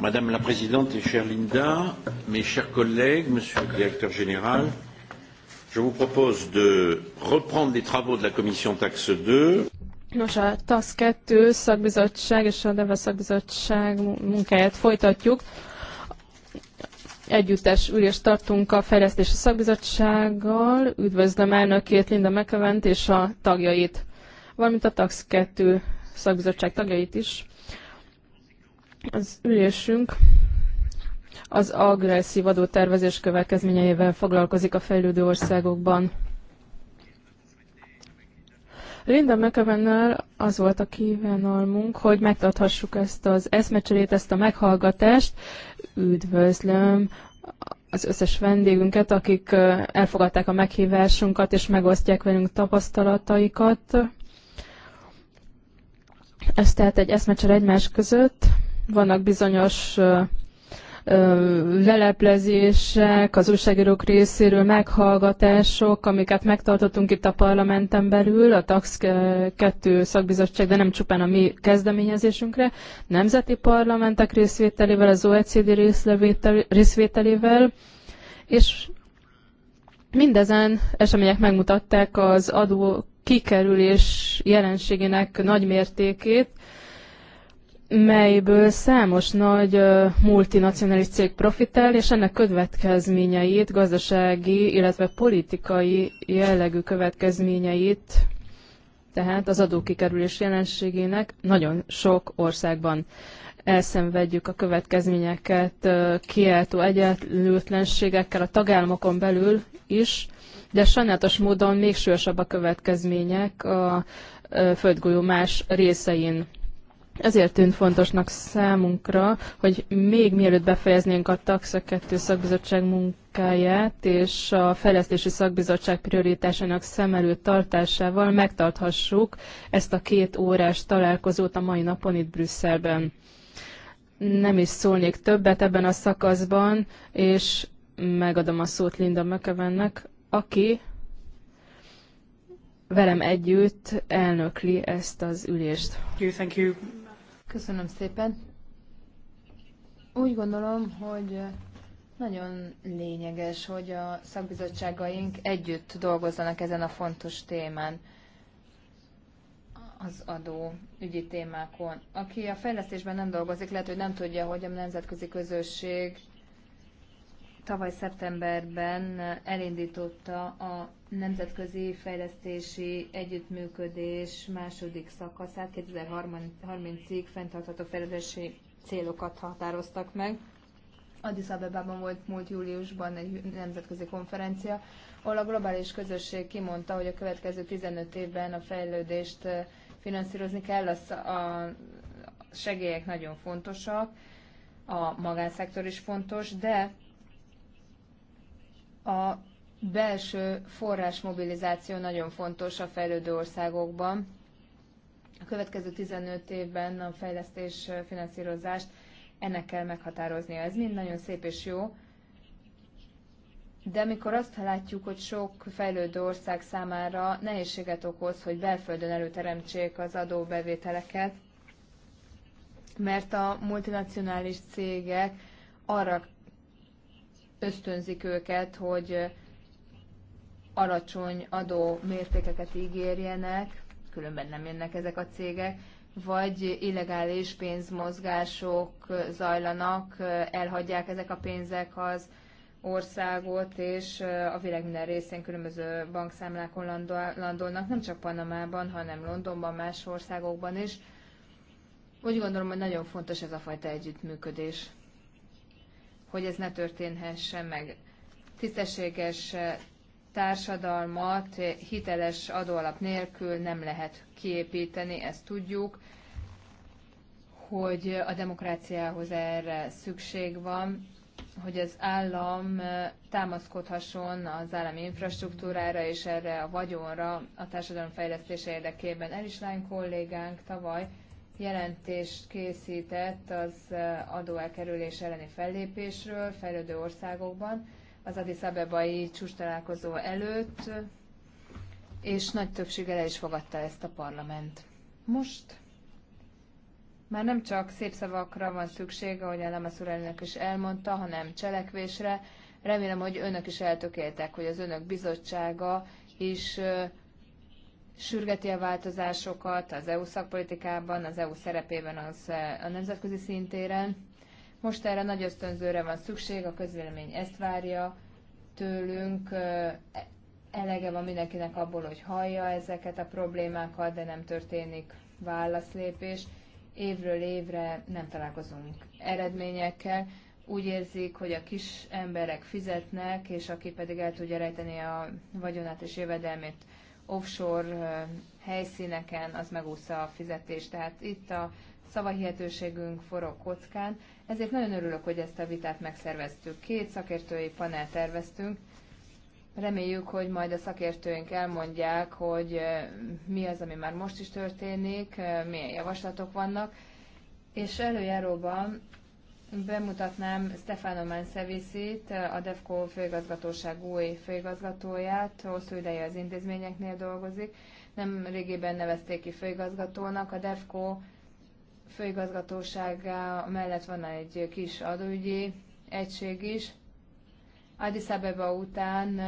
Madame la Présidente et chère Linda, mes chers collègues, Monsieur le Directeur Général, je vous propose de reprendre les travaux de la Commission Taxe 2. Nos, a TASZ 2 szakbizottság és a neve szakbizottság munkáját folytatjuk. Együttes ülés tartunk a Fejlesztési Szakbizottsággal. Üdvözlöm elnökét, Linda McEvent és a tagjait, valamint a TASZ 2 szakbizottság tagjait is. Az ülésünk az agresszív adótervezés következményeivel foglalkozik a fejlődő országokban. Linda McEvennel az volt a kívánalmunk, hogy megtarthassuk ezt az eszmecserét, ezt a meghallgatást. Üdvözlöm az összes vendégünket, akik elfogadták a meghívásunkat, és megosztják velünk tapasztalataikat. Ez tehát egy eszmecser egymás között vannak bizonyos leleplezések, az újságírók részéről meghallgatások, amiket megtartottunk itt a parlamenten belül, a TAX 2 szakbizottság, de nem csupán a mi kezdeményezésünkre, nemzeti parlamentek részvételével, az OECD részvételével, és mindezen események megmutatták az adó kikerülés jelenségének nagy mértékét, melyből számos nagy multinacionális cég profitál, és ennek következményeit, gazdasági, illetve politikai jellegű következményeit, tehát az adókikerülés jelenségének nagyon sok országban elszenvedjük a következményeket kiáltó egyenlőtlenségekkel a tagállamokon belül is, de sajnálatos módon még súlyosabb a következmények a földgolyó más részein. Ezért tűnt fontosnak számunkra, hogy még mielőtt befejeznénk a TAXA 2 szakbizottság munkáját és a fejlesztési szakbizottság prioritásának szem előtt tartásával megtarthassuk ezt a két órás találkozót a mai napon itt Brüsszelben. Nem is szólnék többet ebben a szakaszban, és megadom a szót Linda Mökevennek, aki velem együtt elnökli ezt az ülést. Thank you, thank you. Köszönöm szépen. Úgy gondolom, hogy nagyon lényeges, hogy a szakbizottságaink együtt dolgozzanak ezen a fontos témán, az adó ügyi témákon. Aki a fejlesztésben nem dolgozik, lehet, hogy nem tudja, hogy a nemzetközi közösség tavaly szeptemberben elindította a nemzetközi fejlesztési együttműködés második szakaszát 2030-ig fenntartható fejlesztési célokat határoztak meg. Addis Abebában volt múlt júliusban egy nemzetközi konferencia, ahol a globális közösség kimondta, hogy a következő 15 évben a fejlődést finanszírozni kell, az a segélyek nagyon fontosak, a magánszektor is fontos, de a belső forrásmobilizáció nagyon fontos a fejlődő országokban. A következő 15 évben a fejlesztés finanszírozást ennek kell meghatároznia. Ez mind nagyon szép és jó, de amikor azt látjuk, hogy sok fejlődő ország számára nehézséget okoz, hogy belföldön előteremtsék az adóbevételeket, mert a multinacionális cégek arra ösztönzik őket, hogy alacsony adó mértékeket ígérjenek, különben nem jönnek ezek a cégek, vagy illegális pénzmozgások zajlanak, elhagyják ezek a pénzek az országot, és a világ minden részén különböző bankszámlákon landolnak, nem csak Panamában, hanem Londonban, más országokban is. Úgy gondolom, hogy nagyon fontos ez a fajta együttműködés, hogy ez ne történhessen meg. Tisztességes társadalmat hiteles adóalap nélkül nem lehet kiépíteni, ezt tudjuk, hogy a demokráciához erre szükség van, hogy az állam támaszkodhasson az állami infrastruktúrára és erre a vagyonra a társadalom fejlesztése érdekében. Lány kollégánk tavaly jelentést készített az adóelkerülés elleni fellépésről fejlődő országokban, az Addis Abebai csúcs találkozó előtt, és nagy többséggel el is fogadta ezt a parlament. Most már nem csak szép szavakra van szükség, ahogy a Lemaszúr elnök is elmondta, hanem cselekvésre. Remélem, hogy önök is eltökéltek, hogy az önök bizottsága is sürgeti a változásokat az EU szakpolitikában, az EU szerepében, az a e nemzetközi szintéren most erre nagy ösztönzőre van szükség, a közvélemény ezt várja tőlünk, e, elege van mindenkinek abból, hogy hallja ezeket a problémákat, de nem történik válaszlépés. Évről évre nem találkozunk eredményekkel. Úgy érzik, hogy a kis emberek fizetnek, és aki pedig el tudja rejteni a vagyonát és jövedelmét offshore helyszíneken, az megúszza a fizetést. Tehát itt a szavahihetőségünk forog kockán, ezért nagyon örülök, hogy ezt a vitát megszerveztük. Két szakértői panel terveztünk, Reméljük, hogy majd a szakértőink elmondják, hogy eh, mi az, ami már most is történik, eh, milyen javaslatok vannak, és előjáróban bemutatnám Stefano Mansevisit, a DEFCO főigazgatóság új főigazgatóját, hosszú ideje az intézményeknél dolgozik, nem régében nevezték ki főigazgatónak, a DEFCO főigazgatósága mellett van egy kis adóügyi egység is. Addis Abeba után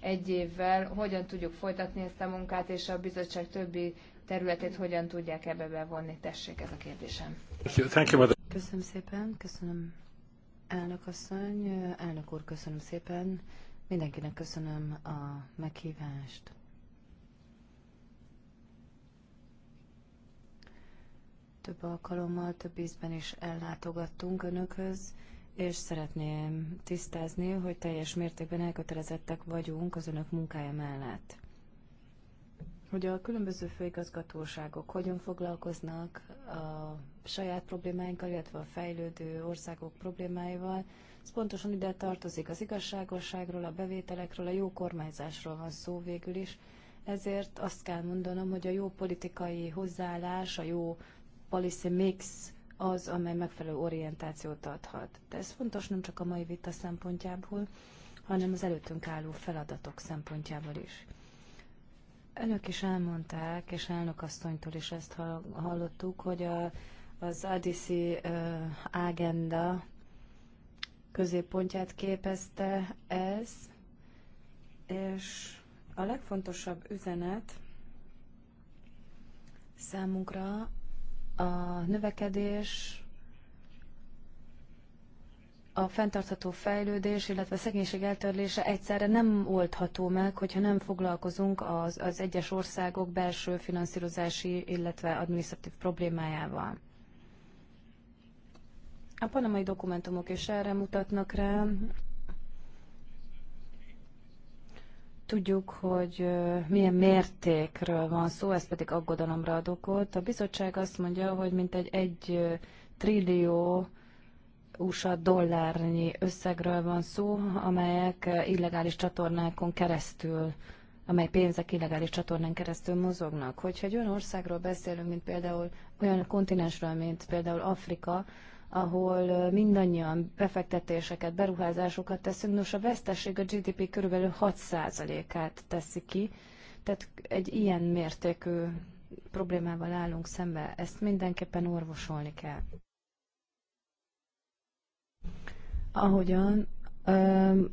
egy évvel hogyan tudjuk folytatni ezt a munkát, és a bizottság többi területét hogyan tudják ebbe bevonni. Tessék, ez a kérdésem. Köszönöm szépen, köszönöm elnök asszony, elnök úr, köszönöm szépen. Mindenkinek köszönöm a meghívást. Több alkalommal, több ízben is ellátogattunk önökhöz, és szeretném tisztázni, hogy teljes mértékben elkötelezettek vagyunk az önök munkája mellett. Hogy a különböző főigazgatóságok hogyan foglalkoznak a saját problémáinkkal, illetve a fejlődő országok problémáival, ez pontosan ide tartozik. Az igazságosságról, a bevételekről, a jó kormányzásról van szó végül is, ezért azt kell mondanom, hogy a jó politikai hozzáállás, a jó policy mix az, amely megfelelő orientációt adhat. De ez fontos nem csak a mai vita szempontjából, hanem az előttünk álló feladatok szempontjából is. Önök is elmondták, és elnökasszonytól is ezt hallottuk, hogy a, az ADC uh, agenda középpontját képezte ez, és a legfontosabb üzenet számunkra a növekedés, a fenntartható fejlődés, illetve a szegénység eltörlése egyszerre nem oldható meg, hogyha nem foglalkozunk az, az egyes országok belső finanszírozási, illetve adminisztratív problémájával. A panamai dokumentumok is erre mutatnak rá, Tudjuk, hogy milyen mértékről van szó, ez pedig aggodalomra ad okot. A bizottság azt mondja, hogy mintegy egy trillió USA dollárnyi összegről van szó, amelyek illegális csatornákon keresztül amely pénzek illegális csatornán keresztül mozognak. Hogyha egy olyan országról beszélünk, mint például olyan kontinensről, mint például Afrika, ahol mindannyian befektetéseket, beruházásokat teszünk, nos a veszteség a GDP körülbelül 6%-át teszi ki, tehát egy ilyen mértékű problémával állunk szembe, ezt mindenképpen orvosolni kell. Ahogyan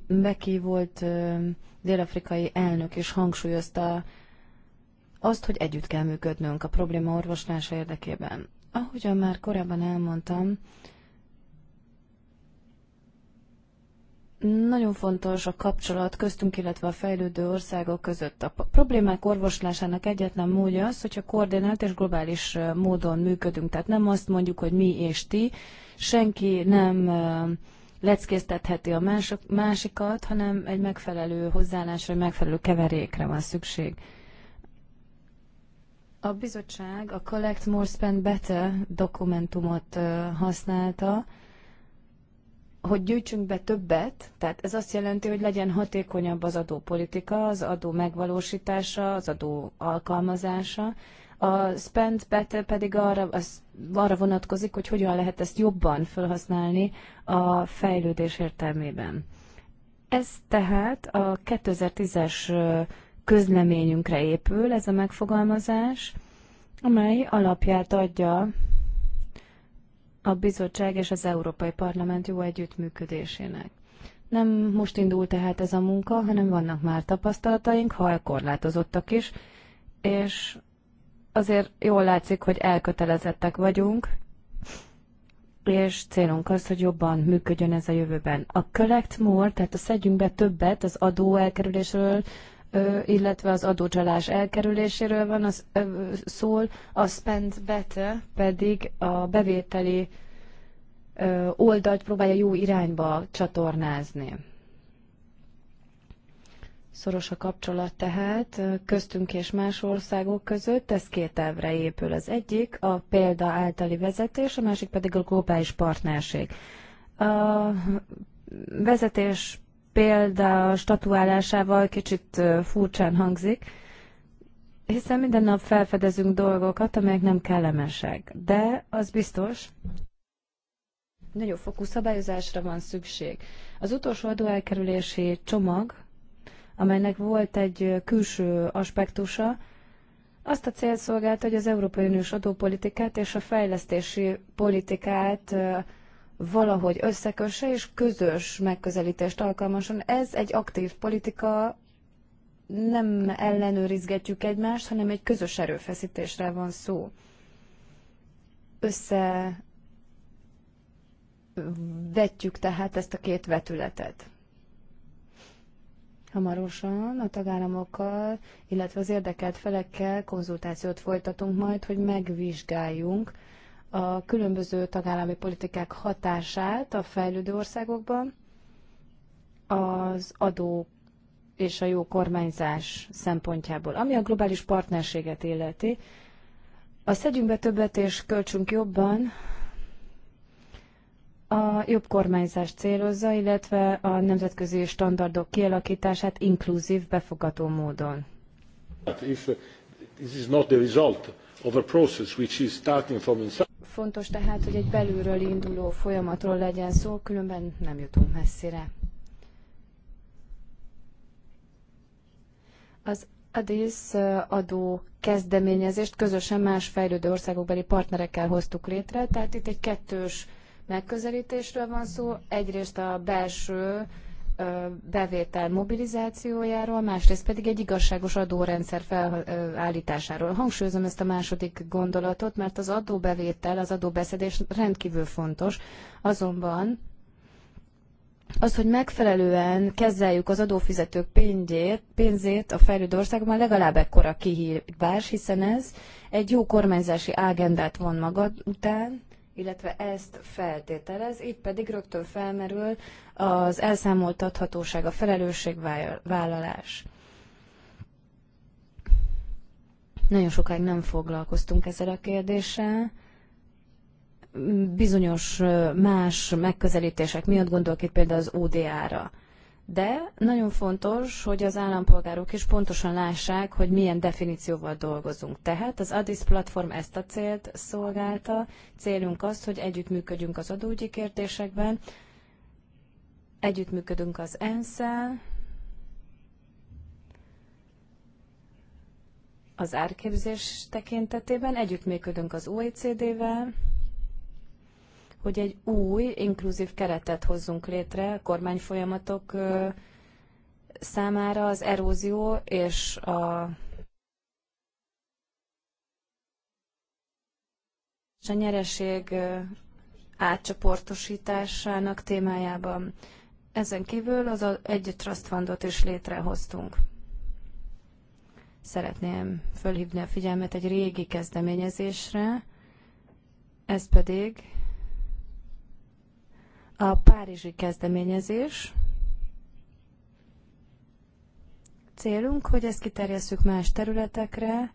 Beki volt dél-afrikai elnök, és hangsúlyozta azt, hogy együtt kell működnünk a probléma orvoslása érdekében. Ahogyan már korábban elmondtam, nagyon fontos a kapcsolat köztünk, illetve a fejlődő országok között. A problémák orvoslásának egyetlen módja az, hogyha koordinált és globális módon működünk. Tehát nem azt mondjuk, hogy mi és ti, senki nem leckéztetheti a másikat, hanem egy megfelelő hozzáállásra, egy megfelelő keverékre van szükség. A bizottság a Collect More Spend Better dokumentumot használta, hogy gyűjtsünk be többet, tehát ez azt jelenti, hogy legyen hatékonyabb az adópolitika, az adó megvalósítása, az adó alkalmazása. A spend better pedig arra, az, arra vonatkozik, hogy hogyan lehet ezt jobban felhasználni a fejlődés értelmében. Ez tehát a 2010-es közleményünkre épül ez a megfogalmazás, amely alapját adja a bizottság és az Európai Parlament jó együttműködésének. Nem most indul tehát ez a munka, hanem vannak már tapasztalataink, ha korlátozottak is, és azért jól látszik, hogy elkötelezettek vagyunk, és célunk az, hogy jobban működjön ez a jövőben. A collect more, tehát a szedjünk be többet az adó elkerülésről, illetve az adócsalás elkerüléséről van az, szól, a spend better pedig a bevételi oldalt próbálja jó irányba csatornázni. Szoros a kapcsolat tehát köztünk és más országok között, ez két elvre épül. Az egyik a példa általi vezetés, a másik pedig a globális partnerség. A vezetés példa statuálásával kicsit furcsán hangzik, hiszen minden nap felfedezünk dolgokat, amelyek nem kellemesek. De az biztos, nagyobb fokú szabályozásra van szükség. Az utolsó adóelkerülési csomag, amelynek volt egy külső aspektusa, azt a célt szolgálta, hogy az Európai Uniós adópolitikát és a fejlesztési politikát valahogy összekösse és közös megközelítést alkalmason. Ez egy aktív politika, nem ellenőrizgetjük egymást, hanem egy közös erőfeszítésre van szó. Össze vetjük tehát ezt a két vetületet. Hamarosan a tagállamokkal, illetve az érdekelt felekkel konzultációt folytatunk majd, hogy megvizsgáljunk a különböző tagállami politikák hatását a fejlődő országokban az adó és a jó kormányzás szempontjából. Ami a globális partnerséget illeti, a szedjünk be többet és költsünk jobban a jobb kormányzást célozza, illetve a nemzetközi standardok kialakítását inkluzív, befogadó módon. Uh, this is not the result of a process which is starting from inside. Fontos tehát, hogy egy belülről induló folyamatról legyen szó, különben nem jutunk messzire. Az ADIS uh, adó kezdeményezést közösen más fejlődő országokbeli partnerekkel hoztuk létre, tehát itt egy kettős megközelítésről van szó. Egyrészt a belső bevétel mobilizációjáról, másrészt pedig egy igazságos adórendszer felállításáról. Hangsúlyozom ezt a második gondolatot, mert az adóbevétel, az adóbeszedés rendkívül fontos, azonban az, hogy megfelelően kezeljük az adófizetők pénzét, pénzét a fejlődő országokban legalább ekkora kihívás, hiszen ez egy jó kormányzási ágendát von maga után, illetve ezt feltételez, így pedig rögtön felmerül az elszámoltathatóság, a felelősségvállalás. Nagyon sokáig nem foglalkoztunk ezzel a kérdéssel. Bizonyos más megközelítések miatt gondolok itt például az ODA-ra de nagyon fontos, hogy az állampolgárok is pontosan lássák, hogy milyen definícióval dolgozunk. Tehát az ADIS platform ezt a célt szolgálta. Célunk az, hogy együttműködjünk az adógyi kérdésekben, együttműködünk az ensz az árképzés tekintetében, együttműködünk az OECD-vel, hogy egy új, inkluzív keretet hozzunk létre a kormányfolyamatok számára az erózió és a a nyereség átcsoportosításának témájában. Ezen kívül az egy trust fundot is létrehoztunk. Szeretném fölhívni a figyelmet egy régi kezdeményezésre, ez pedig a párizsi kezdeményezés. Célunk, hogy ezt kiterjesszük más területekre,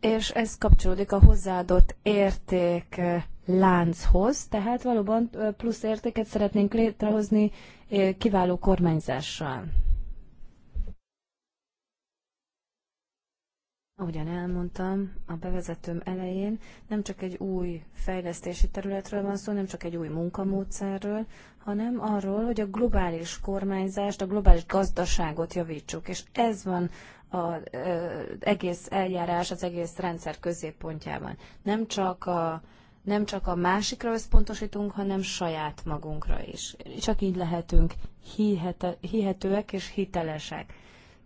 és ez kapcsolódik a hozzáadott érték eh, lánchoz, tehát valóban eh, plusz értéket szeretnénk létrehozni eh, kiváló kormányzással. Ahogyan elmondtam a bevezetőm elején, nem csak egy új fejlesztési területről van szó, nem csak egy új munkamódszerről, hanem arról, hogy a globális kormányzást, a globális gazdaságot javítsuk. És ez van az egész eljárás, az egész rendszer középpontjában. Nem csak a, nem csak a másikra összpontosítunk, hanem saját magunkra is. Csak így lehetünk hihete, hihetőek és hitelesek.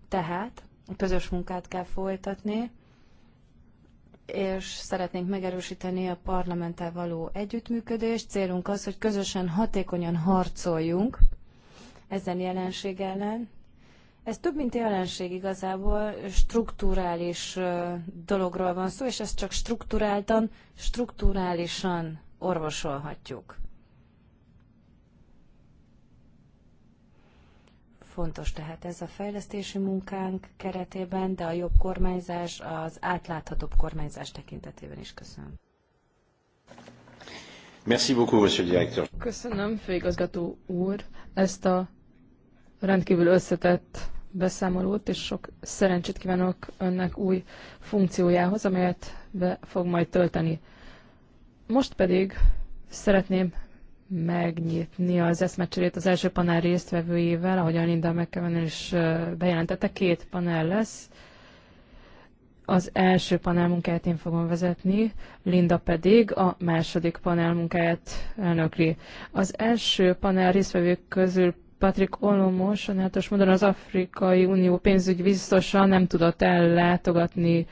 Tehát közös munkát kell folytatni, és szeretnénk megerősíteni a parlamenttel való együttműködést. Célunk az, hogy közösen hatékonyan harcoljunk ezen jelenség ellen. Ez több, mint jelenség igazából, strukturális dologról van szó, és ezt csak strukturáltan, strukturálisan orvosolhatjuk. Fontos tehát ez a fejlesztési munkánk keretében, de a jobb kormányzás, az átláthatóbb kormányzás tekintetében is köszönöm. Merci beaucoup, monsieur directeur. Köszönöm, főigazgató úr, ezt a rendkívül összetett beszámolót, és sok szerencsét kívánok önnek új funkciójához, amelyet be fog majd tölteni. Most pedig szeretném megnyitni az eszmecserét az első panel résztvevőjével, a Linda McKeven is bejelentette, két panel lesz. Az első panel munkáját én fogom vezetni, Linda pedig a második panel munkáját elnökli. Az első panel résztvevők közül Patrick Olomos, sajnálatos módon az Afrikai Unió pénzügy biztosan nem tudott ellátogatni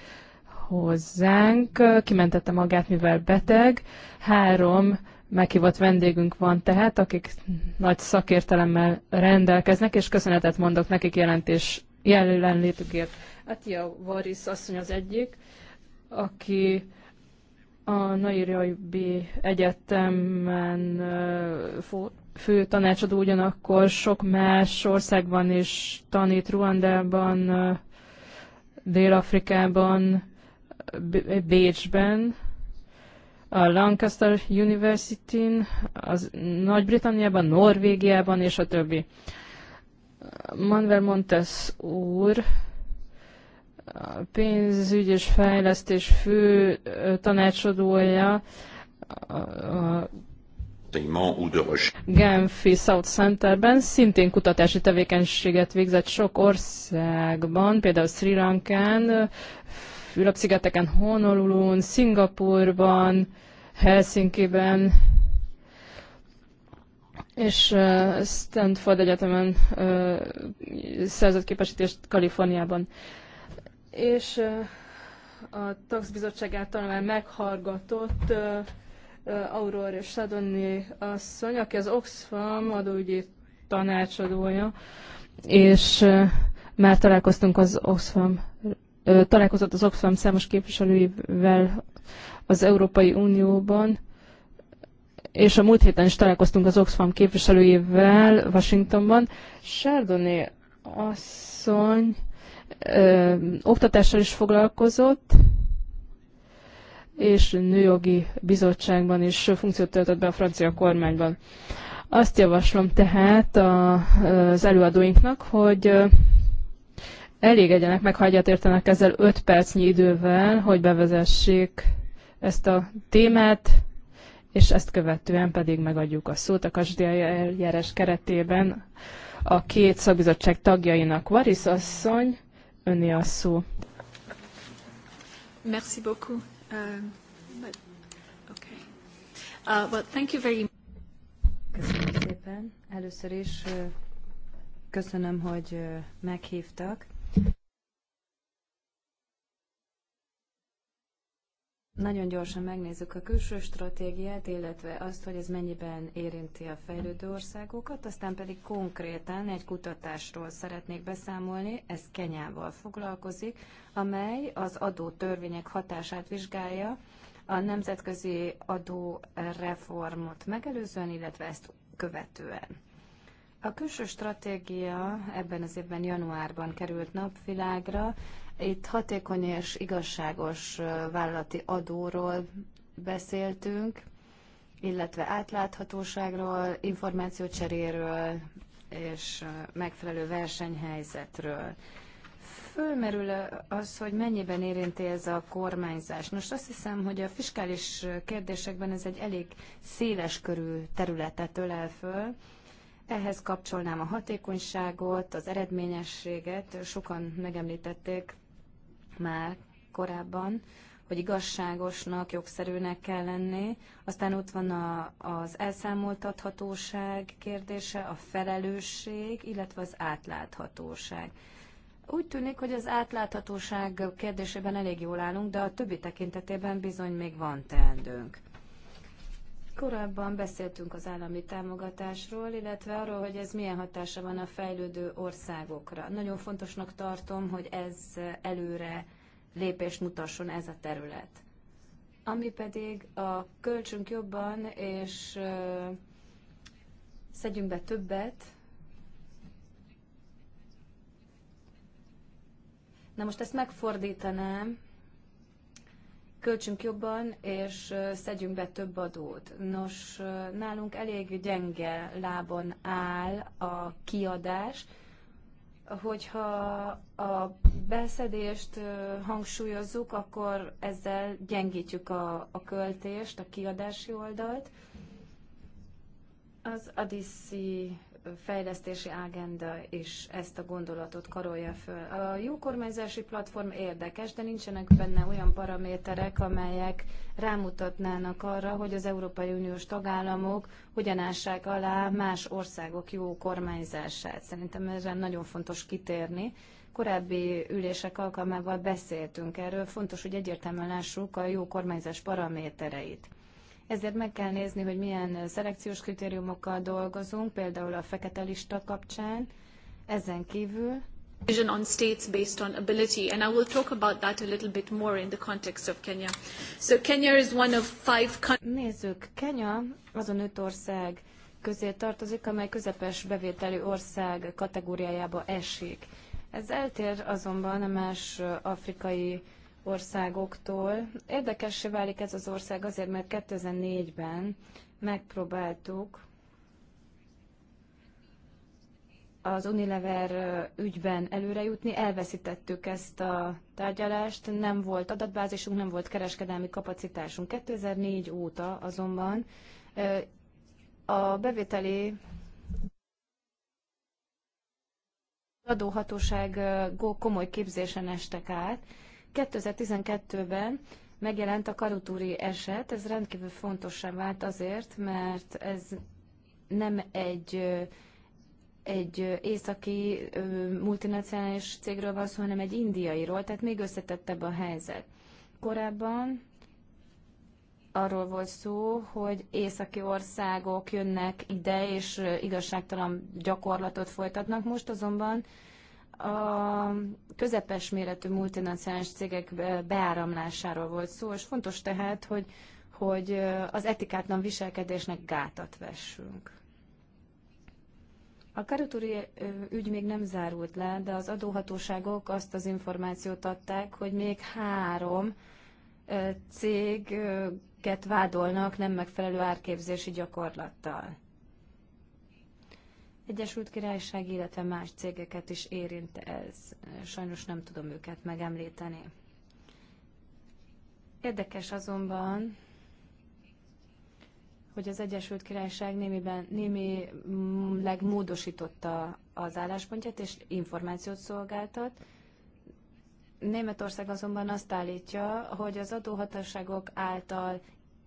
hozzánk, kimentette magát, mivel beteg. Három meghívott vendégünk van tehát, akik nagy szakértelemmel rendelkeznek, és köszönetet mondok nekik jelentés jelenlétükért. Atia Varis asszony az egyik, aki a Nairobi B. Egyetemen fő tanácsadó ugyanakkor sok más országban is tanít, Ruandában, Dél-Afrikában, Bécsben, a Lancaster University-n, az Nagy-Britanniában, Norvégiában és a többi. Manuel Montes úr, a pénzügy és fejlesztés fő tanácsadója, a, Genfi South Centerben szintén kutatási tevékenységet végzett sok országban, például Sri Lankán, Fülöp-szigeteken, Honolulun, Szingapurban, Helsinki-ben, és Stanford Egyetemen szerzett képesítést Kaliforniában. És a TAX bizottság által már meghallgatott Aurora Sadoni asszony, aki az Oxfam adóügyi tanácsadója, és már találkoztunk az Oxfam, találkozott az Oxfam számos képviselőivel az Európai Unióban, és a múlt héten is találkoztunk az Oxfam képviselőjével Washingtonban. Chardonnay asszony ö, oktatással is foglalkozott, és nőjogi bizottságban is funkciót töltött be a francia kormányban. Azt javaslom tehát a, az előadóinknak, hogy elégedjenek meg, ha egyetértenek ezzel 5 percnyi idővel, hogy bevezessék ezt a témát, és ezt követően pedig megadjuk a szót a kasdi eljárás keretében a két szakbizottság tagjainak. Varis asszony, önni a szó. Merci beaucoup. Um, but, okay. uh, well, thank you very Köszönöm szépen. Először is uh, köszönöm, hogy uh, meghívtak. Nagyon gyorsan megnézzük a külső stratégiát, illetve azt, hogy ez mennyiben érinti a fejlődő országokat, aztán pedig konkrétan egy kutatásról szeretnék beszámolni, ez Kenyával foglalkozik, amely az adó törvények hatását vizsgálja, a nemzetközi adó reformot megelőzően, illetve ezt követően. A külső stratégia ebben az évben januárban került napvilágra, itt hatékony és igazságos vállalati adóról beszéltünk, illetve átláthatóságról, információcseréről és megfelelő versenyhelyzetről. Fölmerül az, hogy mennyiben érinti ez a kormányzás. Most azt hiszem, hogy a fiskális kérdésekben ez egy elég széles körű területet ölel föl. Ehhez kapcsolnám a hatékonyságot, az eredményességet, sokan megemlítették már korábban, hogy igazságosnak, jogszerűnek kell lenni. Aztán ott van a, az elszámoltathatóság kérdése, a felelősség, illetve az átláthatóság. Úgy tűnik, hogy az átláthatóság kérdésében elég jól állunk, de a többi tekintetében bizony még van teendőnk. Korábban beszéltünk az állami támogatásról, illetve arról, hogy ez milyen hatása van a fejlődő országokra. Nagyon fontosnak tartom, hogy ez előre lépést mutasson ez a terület. Ami pedig a költsünk jobban, és szedjünk be többet. Na most ezt megfordítanám, költsünk jobban, és szedjünk be több adót. Nos, nálunk elég gyenge lábon áll a kiadás, hogyha a beszedést hangsúlyozzuk, akkor ezzel gyengítjük a, a költést, a kiadási oldalt. Az Adiszi fejlesztési ágenda is ezt a gondolatot karolja föl. A jó kormányzási platform érdekes, de nincsenek benne olyan paraméterek, amelyek rámutatnának arra, hogy az Európai Uniós tagállamok hogyan ássák alá más országok jó kormányzását. Szerintem ezen nagyon fontos kitérni. Korábbi ülések alkalmával beszéltünk erről, fontos, hogy egyértelműen lássuk a jó kormányzás paramétereit. Ezért meg kell nézni, hogy milyen szelekciós kritériumokkal dolgozunk, például a fekete lista kapcsán, ezen kívül vision on states based on ability, and I will talk about that a little bit more in the context of Kenya. So Kenya is one of five countries. Nézzük, Kenya azon öt ország közé tartozik, amely közepes bevételi ország kategóriájába esik. Ez eltér azonban a más afrikai országoktól. Érdekessé válik ez az ország azért, mert 2004-ben megpróbáltuk az Unilever ügyben előrejutni, elveszítettük ezt a tárgyalást, nem volt adatbázisunk, nem volt kereskedelmi kapacitásunk. 2004 óta azonban a bevételi adóhatóság komoly képzésen estek át, 2012-ben megjelent a karutúri eset, ez rendkívül fontossá vált azért, mert ez nem egy egy északi multinacionális cégről van szó, hanem egy indiairól, tehát még összetettebb a helyzet. Korábban arról volt szó, hogy északi országok jönnek ide, és igazságtalan gyakorlatot folytatnak. Most azonban a közepes méretű multinacionális cégek beáramlásáról volt szó, és fontos tehát, hogy, hogy az etikátlan viselkedésnek gátat vessünk. A karutúri ügy még nem zárult le, de az adóhatóságok azt az információt adták, hogy még három céget vádolnak nem megfelelő árképzési gyakorlattal. Egyesült Királyság, illetve más cégeket is érint ez. Sajnos nem tudom őket megemlíteni. Érdekes azonban, hogy az Egyesült Királyság némiben, némileg mm, módosította az álláspontját és információt szolgáltat. Németország azonban azt állítja, hogy az adóhatóságok által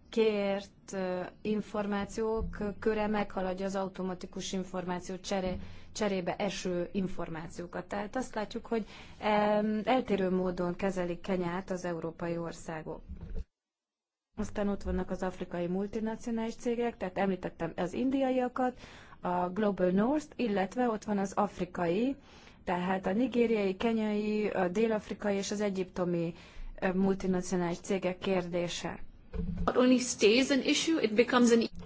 kért információk köre meghaladja az automatikus információ cseré, cserébe eső információkat. Tehát azt látjuk, hogy eltérő módon kezelik Kenyát az európai országok. Aztán ott vannak az afrikai multinacionális cégek, tehát említettem az indiaiakat, a Global North, illetve ott van az afrikai, tehát a nigériai, kenyai, a délafrikai és az egyiptomi multinacionális cégek kérdése.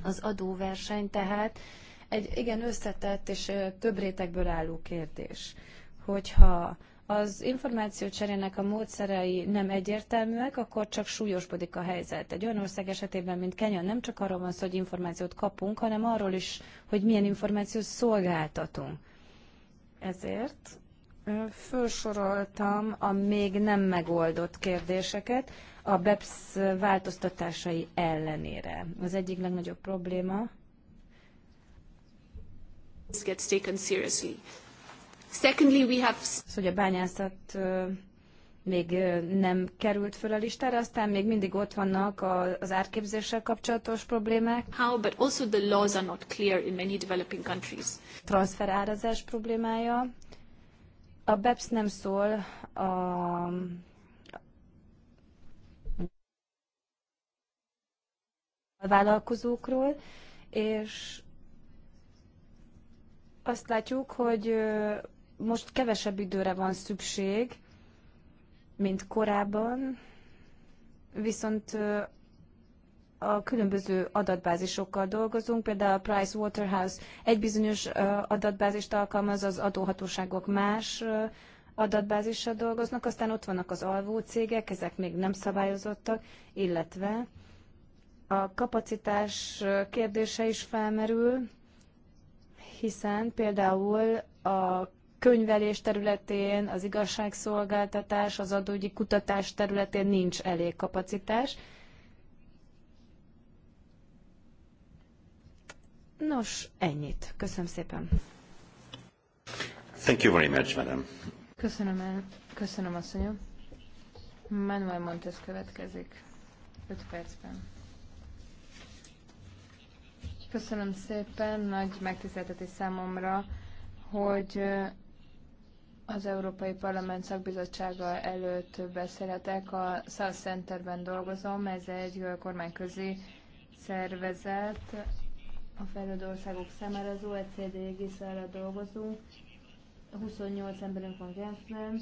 Az adóverseny tehát egy igen összetett és több rétegből álló kérdés. Hogyha az információcserének a módszerei nem egyértelműek, akkor csak súlyosbodik a helyzet. Egy olyan ország esetében, mint Kenya, nem csak arról van szó, hogy információt kapunk, hanem arról is, hogy milyen információt szolgáltatunk. Ezért felsoroltam a még nem megoldott kérdéseket, a BEPS változtatásai ellenére. Az egyik legnagyobb probléma. gets taken seriously. Secondly, we have... Az, hogy a bányászat még nem került föl a listára, aztán még mindig ott vannak az árképzéssel kapcsolatos problémák. How, but also the laws are not clear in many developing countries. Transfer árazás problémája. A BEPS nem szól a a vállalkozókról, és azt látjuk, hogy most kevesebb időre van szükség, mint korábban, viszont a különböző adatbázisokkal dolgozunk, például a Price Waterhouse egy bizonyos adatbázist alkalmaz, az adóhatóságok más adatbázissal dolgoznak, aztán ott vannak az alvó cégek, ezek még nem szabályozottak, illetve a kapacitás kérdése is felmerül, hiszen például a könyvelés területén, az igazságszolgáltatás, az adógyi kutatás területén nincs elég kapacitás. Nos, ennyit. Köszönöm szépen. Thank you very much, madam. Köszönöm, el. köszönöm asszonyom. Manuel Montes következik. 5 percben. Köszönöm szépen, nagy megtiszteltetés számomra, hogy az Európai Parlament szakbizottsága előtt beszélhetek. A South Centerben dolgozom, ez egy kormányközi szervezet a fejlődő országok számára. Az OECD égiszára dolgozunk. 28 emberünk van Genfben.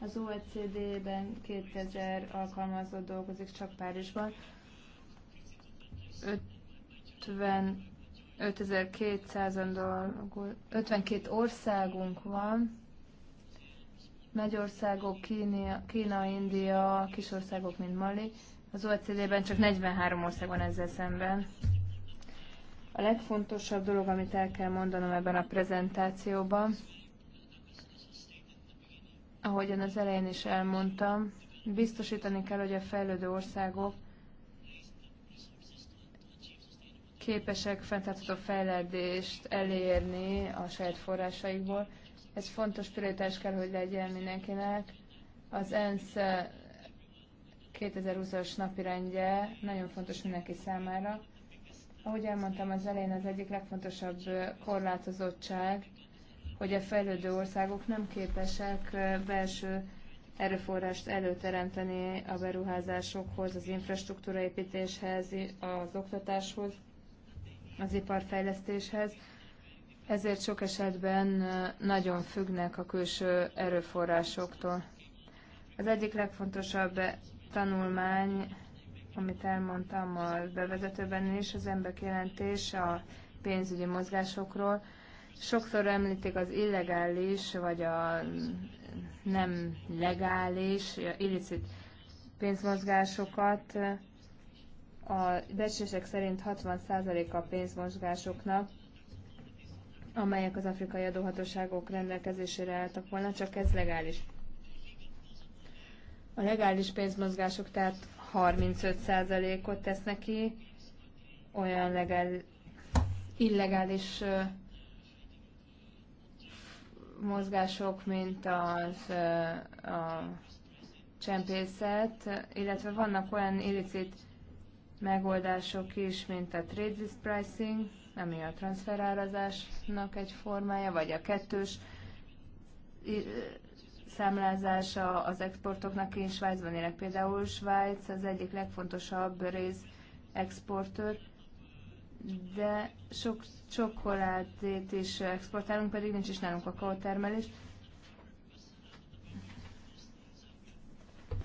Az OECD-ben 2000 alkalmazott dolgozik csak Párizsban. 50 an 52 országunk van, nagy országok, Kínia, Kína, India, kis országok, mint Mali. Az OECD-ben csak 43 ország van ezzel szemben. A legfontosabb dolog, amit el kell mondanom ebben a prezentációban, ahogyan az elején is elmondtam, biztosítani kell, hogy a fejlődő országok képesek fenntartható fejlődést elérni a saját forrásaikból. Ez fontos prioritás kell, hogy legyen mindenkinek. Az ENSZ 2020-as eh, napirendje nagyon fontos mindenki számára. Ahogy elmondtam az elején, az egyik legfontosabb eh, korlátozottság, hogy a fejlődő országok nem képesek eh, belső erőforrást előteremteni a beruházásokhoz, az infrastruktúra építéshez, az oktatáshoz az iparfejlesztéshez, ezért sok esetben nagyon függnek a külső erőforrásoktól. Az egyik legfontosabb tanulmány, amit elmondtam a bevezetőben is, az emberek jelentés a pénzügyi mozgásokról. Sokszor említik az illegális, vagy a nem legális, illicit pénzmozgásokat, a becslések szerint 60% a pénzmozgásoknak, amelyek az afrikai adóhatóságok rendelkezésére álltak volna, csak ez legális. A legális pénzmozgások tehát 35%-ot tesznek ki, olyan legál, illegális mozgások, mint az a csempészet, illetve vannak olyan illicit megoldások is, mint a trade with pricing, ami a transferárazásnak egy formája, vagy a kettős számlázása az exportoknak. Én Svájcban élek például. Svájc az egyik legfontosabb rész exportőr, de sok csokoládét is exportálunk, pedig nincs is nálunk kakaótermelés. termelés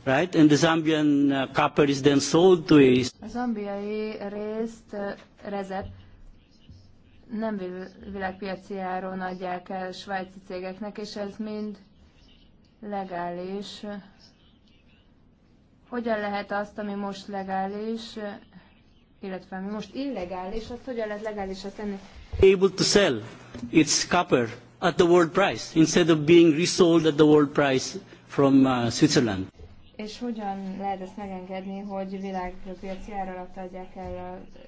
right? And the Zambian uh, copper is then sold to a... A zambiai részt, uh, rezet, nem világpiaci áron adják el svájci cégeknek, és ez mind legális. Hogyan lehet azt, ami most legális, uh, illetve ami most illegális, azt hogyan lehet legálisra tenni? Able to sell its copper at the world price instead of being resold at the world price from uh, Switzerland és hogyan lehet ezt megengedni, hogy világpiaci ára alatt adják el a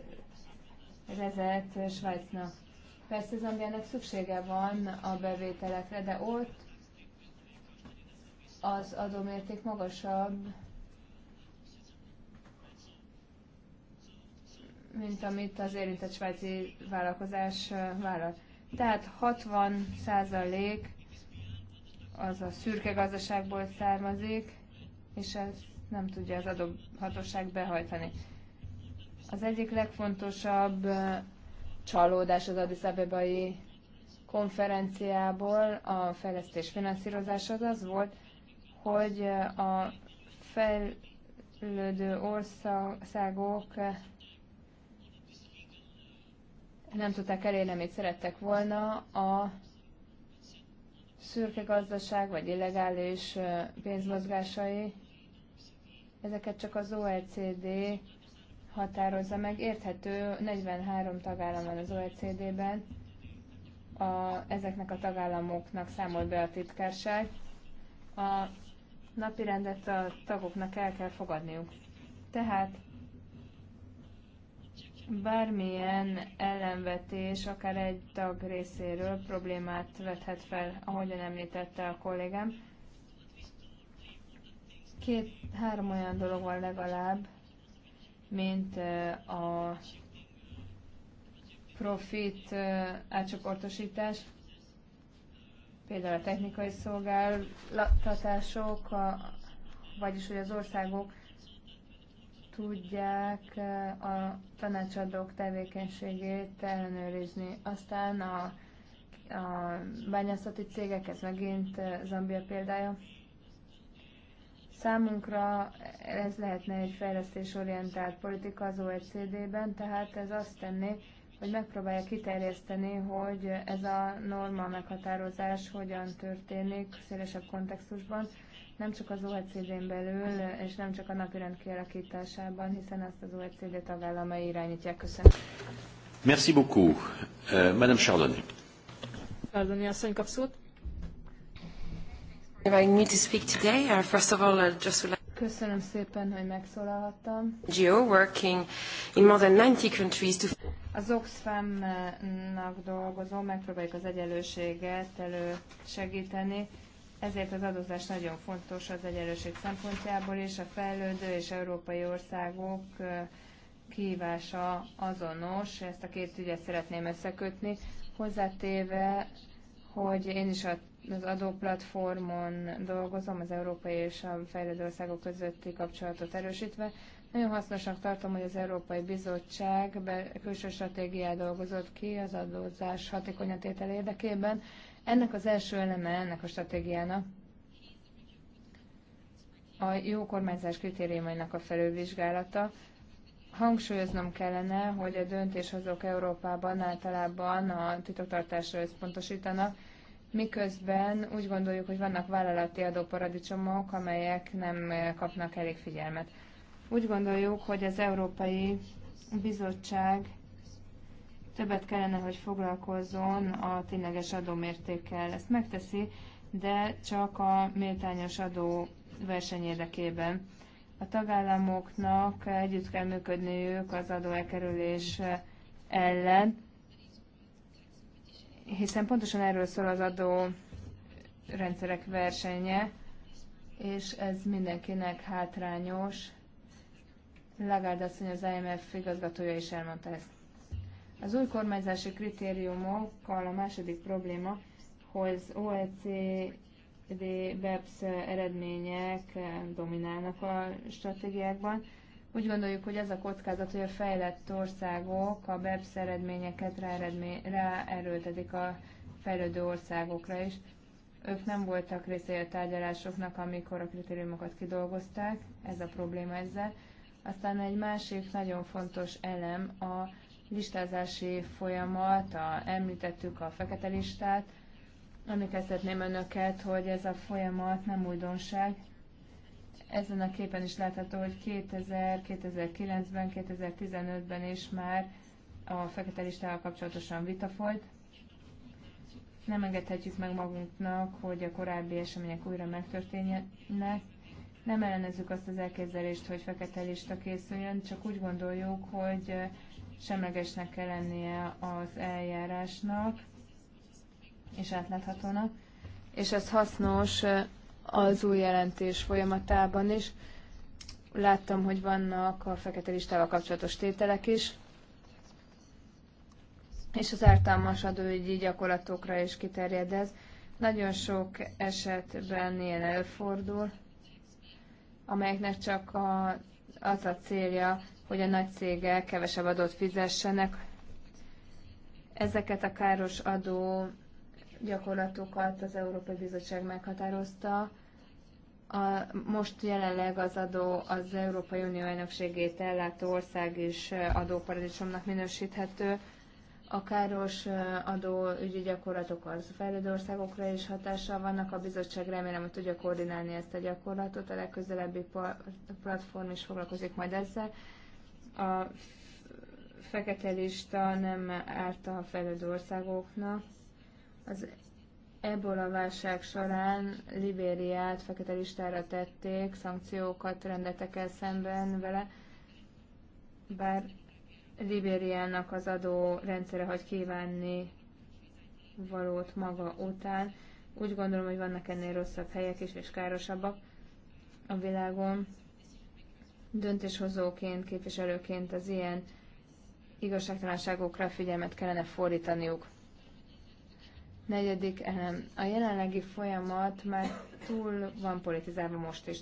rezet Svájcnak. Persze Zambiának szüksége van a bevételekre, de ott az adómérték magasabb, mint amit az érintett svájci vállalkozás vállal. Tehát 60 százalék az a szürke gazdaságból származik, és ezt nem tudja az adóhatóság behajtani. Az egyik legfontosabb csalódás az Addis Abebai konferenciából a fejlesztés finanszírozása az, az volt, hogy a fejlődő országok nem tudták elérni, amit szerettek volna, a szürke gazdaság vagy illegális pénzmozgásai ezeket csak az OECD határozza meg. Érthető, 43 tagállam van az OECD-ben, a, ezeknek a tagállamoknak számolt be a titkárság. A napirendet a tagoknak el kell fogadniuk. Tehát bármilyen ellenvetés, akár egy tag részéről problémát vethet fel, ahogyan említette a kollégám, két, három olyan dolog van legalább, mint a profit átcsoportosítás, például a technikai szolgáltatások, a, vagyis hogy az országok tudják a tanácsadók tevékenységét ellenőrizni. Aztán a, a bányászati cégek, ez megint Zambia példája, Számunkra ez lehetne egy fejlesztésorientált politika az OECD-ben, tehát ez azt tenné, hogy megpróbálja kiterjeszteni, hogy ez a norma meghatározás hogyan történik szélesebb kontextusban, nem csak az OECD-n belül, és nem csak a napirend kialakításában, hiszen ezt az OECD tagállamai irányítják. Köszönöm. Merci beaucoup. Uh, Madame Chardonnay. Chardonnay asszony kap szót. Köszönöm szépen, hogy megszólalhattam. Geo, working in more than 90 countries to... Az Oxfam-nak dolgozó, megpróbáljuk az egyenlőséget elősegíteni. Ezért az adózás nagyon fontos az egyenlőség szempontjából, és a fejlődő és európai országok kihívása azonos. Ezt a két ügyet szeretném összekötni, hozzátéve, hogy én is a az adóplatformon dolgozom, az európai és a fejlődő országok közötti kapcsolatot erősítve. Nagyon hasznosnak tartom, hogy az Európai Bizottság be, külső stratégiát dolgozott ki az adózás hatékony tétel érdekében. Ennek az első eleme ennek a stratégiának a jó kormányzás kritériumainak a felülvizsgálata. Hangsúlyoznom kellene, hogy a döntéshozók Európában általában a titoktartásra összpontosítanak, miközben úgy gondoljuk, hogy vannak vállalati adóparadicsomok, amelyek nem eh, kapnak elég figyelmet. Úgy gondoljuk, hogy az Európai Bizottság többet kellene, hogy foglalkozzon a tényleges adómértékkel. Ezt megteszi, de csak a méltányos adó verseny érdekében. A tagállamoknak együtt kell működniük az adóelkerülés eh, ellen, hiszen pontosan erről szól az adó rendszerek versenye, és ez mindenkinek hátrányos. Lagarde asszony az IMF igazgatója is elmondta ezt. Az új kormányzási kritériumokkal a második probléma, hogy az OECD BEPS eredmények eh, dominálnak a stratégiákban, úgy gondoljuk, hogy ez a kockázat, hogy a fejlett országok a BEPS eredményeket ráerőltetik rá a fejlődő országokra is. Ők nem voltak részei a tárgyalásoknak, amikor a kritériumokat kidolgozták, ez a probléma ezzel. Aztán egy másik nagyon fontos elem a listázási folyamat, a, említettük a fekete listát, szeretném önöket, hogy ez a folyamat nem újdonság, ezen a képen is látható, hogy 2000, 2009-ben, 2015-ben is már a fekete listával kapcsolatosan vita folyt. Nem engedhetjük meg magunknak, hogy a korábbi események újra megtörténjenek. Nem ellenezzük azt az elképzelést, hogy fekete lista készüljön, csak úgy gondoljuk, hogy semlegesnek kell lennie az eljárásnak és átláthatónak, és ez hasznos az új jelentés folyamatában is. Láttam, hogy vannak a fekete listával kapcsolatos tételek is, és az ártalmas adóügyi gyakorlatokra is kiterjed ez. Nagyon sok esetben ilyen előfordul, amelyeknek csak a, az a célja, hogy a nagy cégek kevesebb adót fizessenek. Ezeket a káros adó gyakorlatokat az Európai Bizottság meghatározta. A, most jelenleg az adó az Európai Unió elnökségét ellátó ország is adóparadicsomnak minősíthető. A káros adóügyi gyakorlatok az fejlődő országokra is hatással vannak. A bizottság remélem, hogy tudja koordinálni ezt a gyakorlatot. A legközelebbi platform is foglalkozik majd ezzel. A fekete lista nem árt a fejlődő országoknak az ebola válság során Libériát fekete listára tették, szankciókat rendeltek el szemben vele, bár Libériának az adó rendszere hagy kívánni valót maga után. Úgy gondolom, hogy vannak ennél rosszabb helyek is, és károsabbak a világon. Döntéshozóként, képviselőként az ilyen igazságtalanságokra figyelmet kellene fordítaniuk. Negyedik elem. A jelenlegi folyamat már túl van politizálva most is.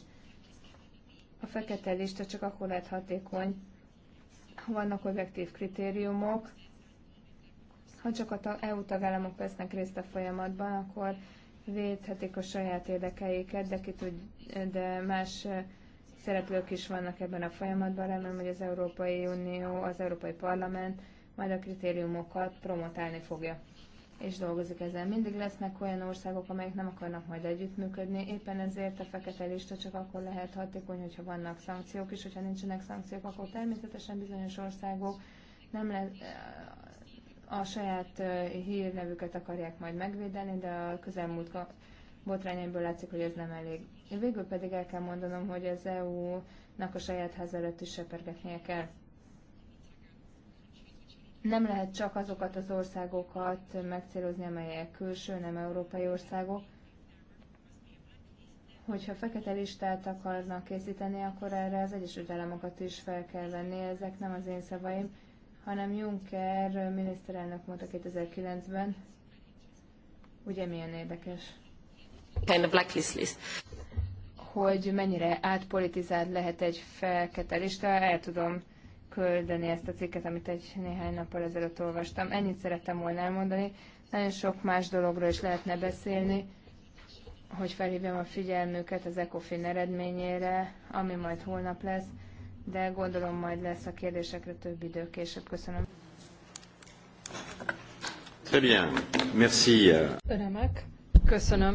A fekete lista csak akkor lehet hatékony, ha vannak objektív kritériumok, ha csak a EU tagállamok vesznek részt a folyamatban, akkor védhetik a saját érdekeiket, de, tud, de más eh, szereplők is vannak ebben a folyamatban. Remélem, hogy az Európai Unió, az Európai Parlament majd a kritériumokat promotálni fogja és dolgozik ezzel. Mindig lesznek olyan országok, amelyek nem akarnak majd együttműködni, éppen ezért a fekete lista csak akkor lehet hatékony, hogyha vannak szankciók, és hogyha nincsenek szankciók, akkor természetesen bizonyos országok nem le, a saját hírnevüket akarják majd megvédeni, de a közelmúlt botrányaiból látszik, hogy ez nem elég. Végül pedig el kell mondanom, hogy az EU-nak a saját ház előtt is sepergetnie kell. Nem lehet csak azokat az országokat megcélozni, amelyek külső, nem európai országok. Hogyha fekete listát akarnak készíteni, akkor erre az Egyesült Államokat is fel kell venni. Ezek nem az én szavaim, hanem Juncker miniszterelnök mondta 2009-ben. Ugye milyen érdekes? Kind of blacklist list hogy mennyire átpolitizált lehet egy fekete lista, el tudom küldeni ezt a cikket, amit egy néhány nappal ezelőtt olvastam. Ennyit szerettem volna elmondani. Nagyon sok más dologról is lehetne beszélni, hogy felhívjam a figyelmüket az ECOFIN eredményére, ami majd holnap lesz, de gondolom majd lesz a kérdésekre több idő később. Köszönöm. Très bien. Merci. Köszönöm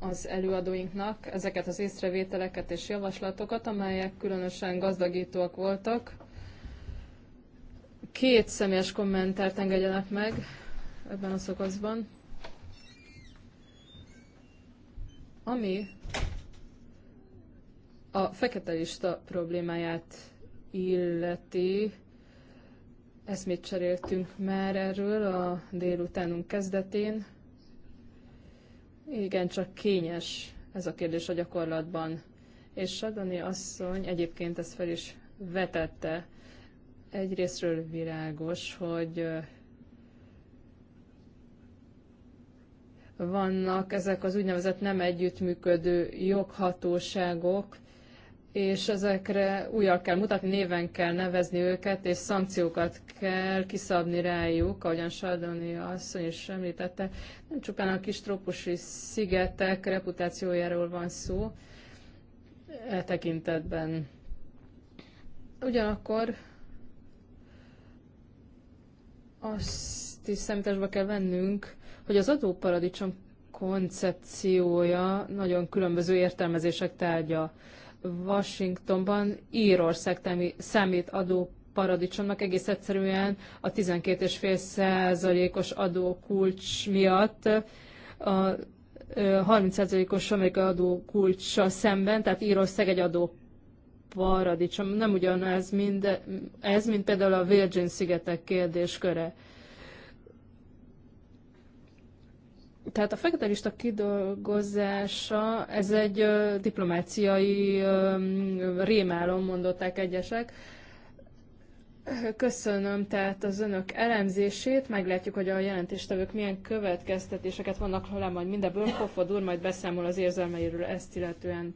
az előadóinknak ezeket az észrevételeket és javaslatokat, amelyek különösen gazdagítóak voltak. Két személyes kommentert engedjenek meg ebben a szakaszban. Ami a fekete lista problémáját illeti, eszmét cseréltünk már erről a délutánunk kezdetén. Igen, csak kényes ez a kérdés a gyakorlatban. És Sadani asszony egyébként ezt fel is vetette. Egyrésztről virágos, hogy vannak ezek az úgynevezett nem együttműködő joghatóságok, és ezekre újjal kell mutatni, néven kell nevezni őket, és szankciókat kell kiszabni rájuk, ahogyan Sardoni asszony is említette. Nem csupán a kis trópusi szigetek reputációjáról van szó e tekintetben. Ugyanakkor azt is szemtesbe kell vennünk, hogy az adóparadicsom koncepciója nagyon különböző értelmezések tárgya. Washingtonban Írország számít adó paradicsomnak egész egyszerűen a 12,5 százalékos adókulcs miatt a 30 százalékos amerikai adókulcsa szemben, tehát Írország egy adó paradicsom. Nem ugyanez, mind, ez, mint például a Virgin szigetek kérdésköre. Tehát a fekete lista kidolgozása, ez egy ö, diplomáciai ö, rémálom, mondották egyesek. Köszönöm tehát az önök elemzését, meglátjuk, hogy a jelentéstevők milyen következtetéseket vannak le majd mindebből. Kofod majd beszámol az érzelmeiről ezt illetően.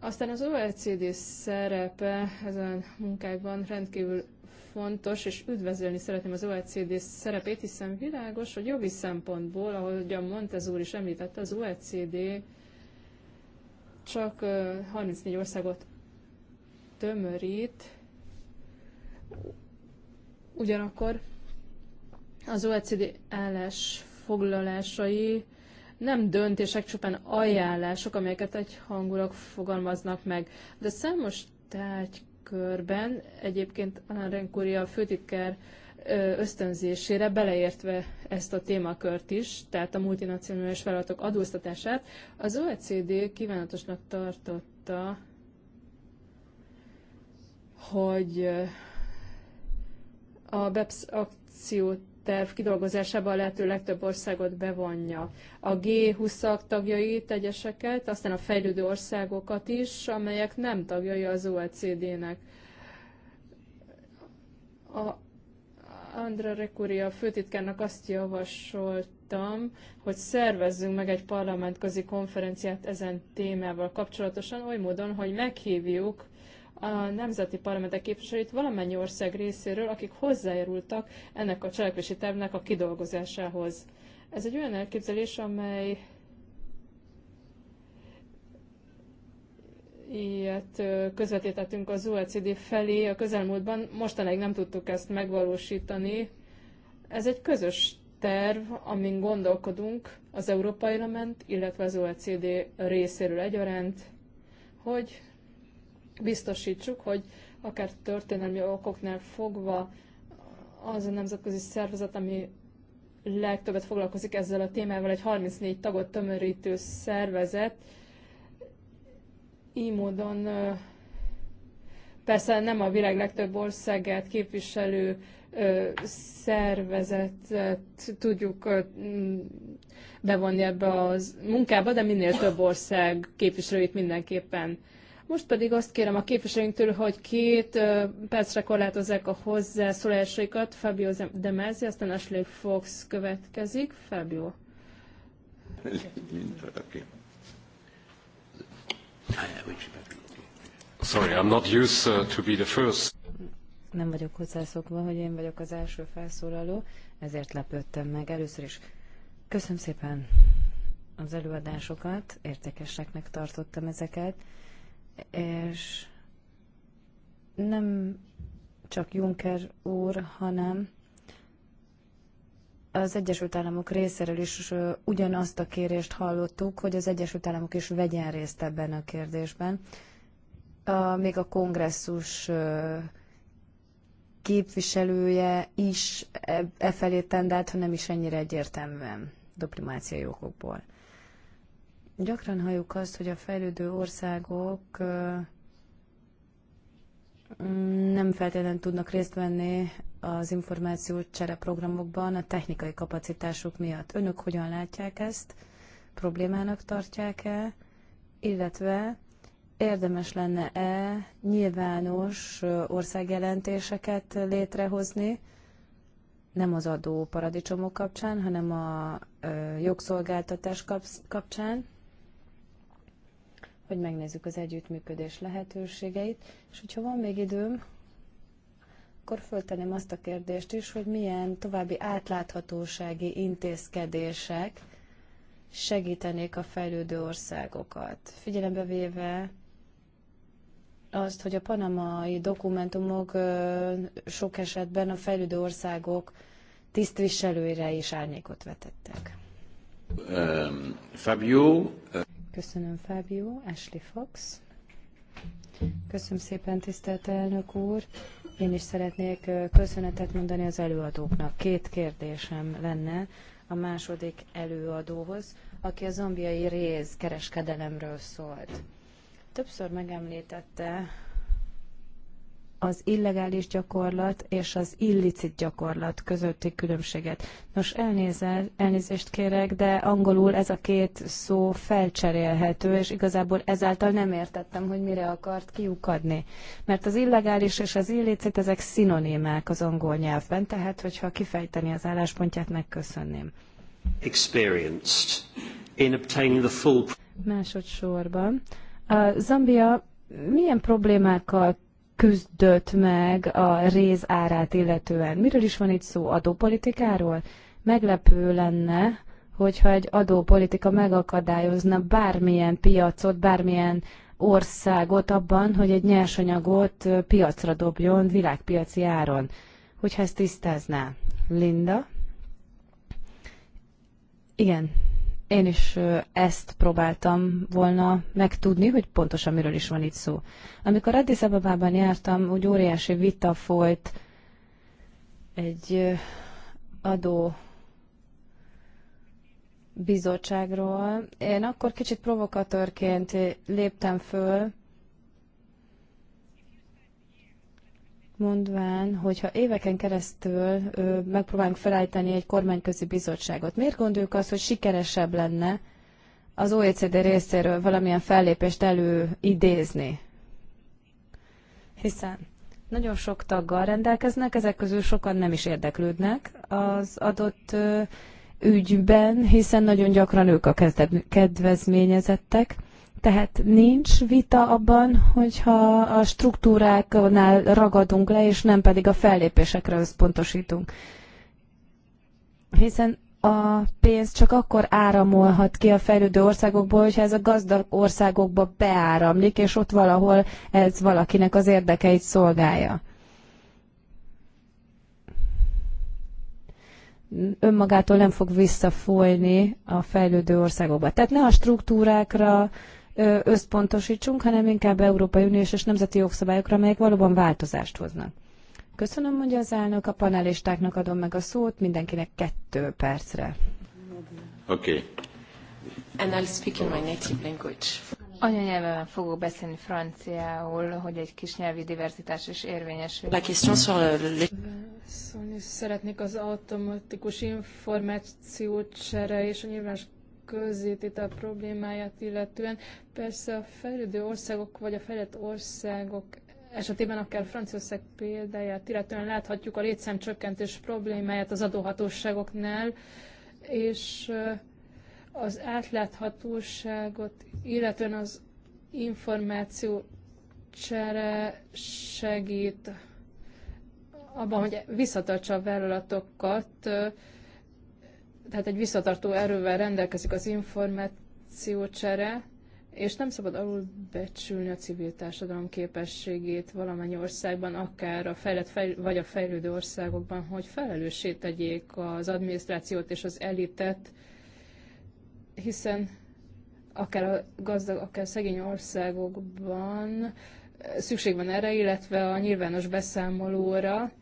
Aztán az OECD szerepe ezen munkákban rendkívül fontos, és üdvözölni szeretném az OECD szerepét, hiszen világos, hogy jogi szempontból, ahogy a Montez úr is említette, az OECD csak 34 országot tömörít, ugyanakkor az OECD állásfoglalásai foglalásai nem döntések, csupán ajánlások, amelyeket egy hangulag fogalmaznak meg. De számos tárgykörben egyébként Alan Renkuri a főtitkár ösztönzésére, beleértve ezt a témakört is, tehát a multinacionális vállalatok adóztatását, az OECD kívánatosnak tartotta, hogy a BEPS akciót terv kidolgozásában a lehető legtöbb országot bevonja. A g 20 tagjait, egyeseket, aztán a fejlődő országokat is, amelyek nem tagjai az OECD-nek. A Andra Rekuri, a főtitkárnak azt javasoltam, hogy szervezzünk meg egy parlamentközi konferenciát ezen témával kapcsolatosan, oly módon, hogy meghívjuk a nemzeti parlamentek képviselőit valamennyi ország részéről, akik hozzájárultak ennek a cselekvési tervnek a kidolgozásához. Ez egy olyan elképzelés, amely ilyet közvetítettünk az OECD felé a közelmúltban, mostanáig nem tudtuk ezt megvalósítani. Ez egy közös terv, amin gondolkodunk az Európai Parlament, illetve az OECD részéről egyaránt, hogy biztosítsuk, hogy akár történelmi okoknál fogva az a nemzetközi szervezet, ami legtöbbet foglalkozik ezzel a témával, egy 34 tagot tömörítő szervezet, így módon persze nem a világ legtöbb országát képviselő szervezetet tudjuk bevonni ebbe a munkába, de minél több ország képviselőit mindenképpen most pedig azt kérem a képviselőinktől, hogy két percre korlátozzák a hozzászólásaikat. Fabio De aztán Ashley Fox következik. Fabio. Sorry, I'm not used uh, to be the first. Nem vagyok hozzászokva, hogy én vagyok az első felszólaló, ezért lepődtem meg. Először is köszönöm szépen az előadásokat, értékeseknek tartottam ezeket és nem csak Juncker úr, hanem az Egyesült Államok részéről is ugyanazt a kérést hallottuk, hogy az Egyesült Államok is vegyen részt ebben a kérdésben. A, még a kongresszus képviselője is e, e felé tendált, ha nem is ennyire egyértelműen diplomáciai okokból. Gyakran halljuk azt, hogy a fejlődő országok nem feltétlenül tudnak részt venni az információ programokban, a technikai kapacitásuk miatt. Önök hogyan látják ezt? Problémának tartják-e? Illetve érdemes lenne-e nyilvános országjelentéseket létrehozni, nem az adó paradicsomok kapcsán, hanem a jogszolgáltatás kapcsán? hogy megnézzük az együttműködés lehetőségeit, és hogyha van még időm, akkor föltenném azt a kérdést is, hogy milyen további átláthatósági intézkedések segítenék a fejlődő országokat. Figyelembe véve azt, hogy a panamai dokumentumok sok esetben a fejlődő országok tisztviselőire is árnyékot vetettek. Um, Fabio. Uh... Köszönöm, Fábio. Ashley Fox. Köszönöm szépen, tisztelt elnök úr. Én is szeretnék köszönetet mondani az előadóknak. Két kérdésem lenne a második előadóhoz, aki a zambiai rész kereskedelemről szólt. Többször megemlítette az illegális gyakorlat és az illicit gyakorlat közötti különbséget. Nos, elnézel, elnézést kérek, de angolul ez a két szó felcserélhető, és igazából ezáltal nem értettem, hogy mire akart kiukadni. Mert az illegális és az illicit, ezek szinonimák az angol nyelvben, tehát hogyha kifejteni az álláspontját, megköszönném. Experienced in obtaining the full... Másodszorban. A Zambia milyen problémákkal küzdött meg a réz árát illetően. Miről is van itt szó? Adópolitikáról? Meglepő lenne, hogyha egy adópolitika megakadályozna bármilyen piacot, bármilyen országot abban, hogy egy nyersanyagot piacra dobjon világpiaci áron. Hogyha ezt tisztázná. Linda? Igen, én is ezt próbáltam volna megtudni, hogy pontosan miről is van itt szó. Amikor Addis Ababában jártam, úgy óriási vita folyt egy adó bizottságról. Én akkor kicsit provokatőrként léptem föl, mondván, hogyha éveken keresztül ö, megpróbálunk felállítani egy kormányközi bizottságot, miért gondoljuk azt, hogy sikeresebb lenne az OECD részéről valamilyen fellépést előidézni? Hiszen nagyon sok taggal rendelkeznek, ezek közül sokan nem is érdeklődnek az adott ö, ügyben, hiszen nagyon gyakran ők a kedvezményezettek. Tehát nincs vita abban, hogyha a struktúráknál ragadunk le, és nem pedig a fellépésekre összpontosítunk. Hiszen a pénz csak akkor áramolhat ki a fejlődő országokból, hogyha ez a gazdag országokba beáramlik, és ott valahol ez valakinek az érdekeit szolgálja. Önmagától nem fog visszafolyni a fejlődő országokba. Tehát ne a struktúrákra, összpontosítsunk, hanem inkább Európai Uniós és nemzeti jogszabályokra, amelyek valóban változást hoznak. Köszönöm, mondja az elnök, a panelistáknak adom meg a szót, mindenkinek kettő percre. Oké. Okay. And Anyanyelvemen fogok beszélni franciául, hogy egy kis nyelvi diverzitás is érvényesül. La question sur le... Szólni szeretnék az automatikus információcsere és a nyilvános közététel problémáját illetően. Persze a fejlődő országok vagy a fejlett országok esetében akár Franciaország példáját illetően láthatjuk a létszámcsökkentés problémáját az adóhatóságoknál, és az átláthatóságot, illetően az információ csere segít abban, hogy visszatartsa a vállalatokat tehát egy visszatartó erővel rendelkezik az információcsere, és nem szabad alulbecsülni a civil társadalom képességét valamennyi országban, akár a fejlett fejl- vagy a fejlődő országokban, hogy felelőssé tegyék az adminisztrációt és az elitet, hiszen akár a gazdag, akár a szegény országokban szükség van erre, illetve a nyilvános beszámolóra,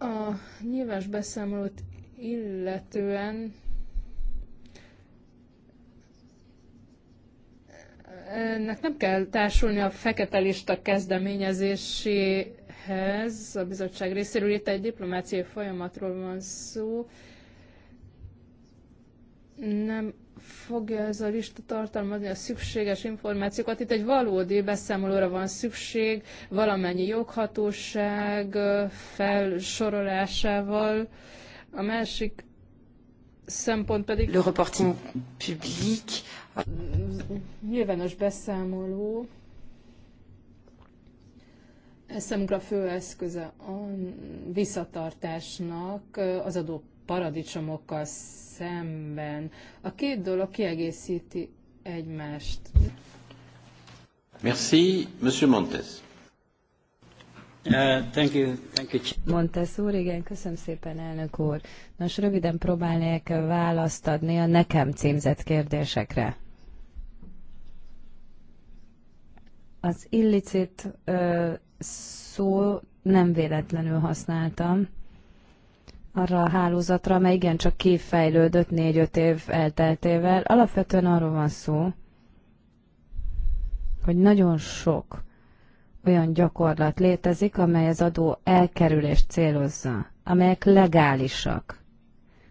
A nyilvános beszámolót illetően ennek nem kell társulni a fekete lista kezdeményezéséhez a bizottság részéről. Itt egy diplomáciai folyamatról van szó. Nem fogja ez a lista tartalmazni a szükséges információkat. Itt egy valódi beszámolóra van szükség, valamennyi joghatóság felsorolásával. A másik szempont pedig... Le reporting public. Nyilvános beszámoló. Ez számunkra fő eszköze a visszatartásnak az adó paradicsomokkal szemben. A két dolog kiegészíti egymást. Merci, Monsieur Montes. Uh, thank you, thank you. Montes úr, igen, köszönöm szépen, elnök úr. Nos, röviden próbálnék választ adni a nekem címzett kérdésekre. Az illicit uh, szó nem véletlenül használtam arra a hálózatra, amely igencsak kifejlődött négy-öt év elteltével. Alapvetően arról van szó, hogy nagyon sok olyan gyakorlat létezik, amely az adó elkerülést célozza, amelyek legálisak.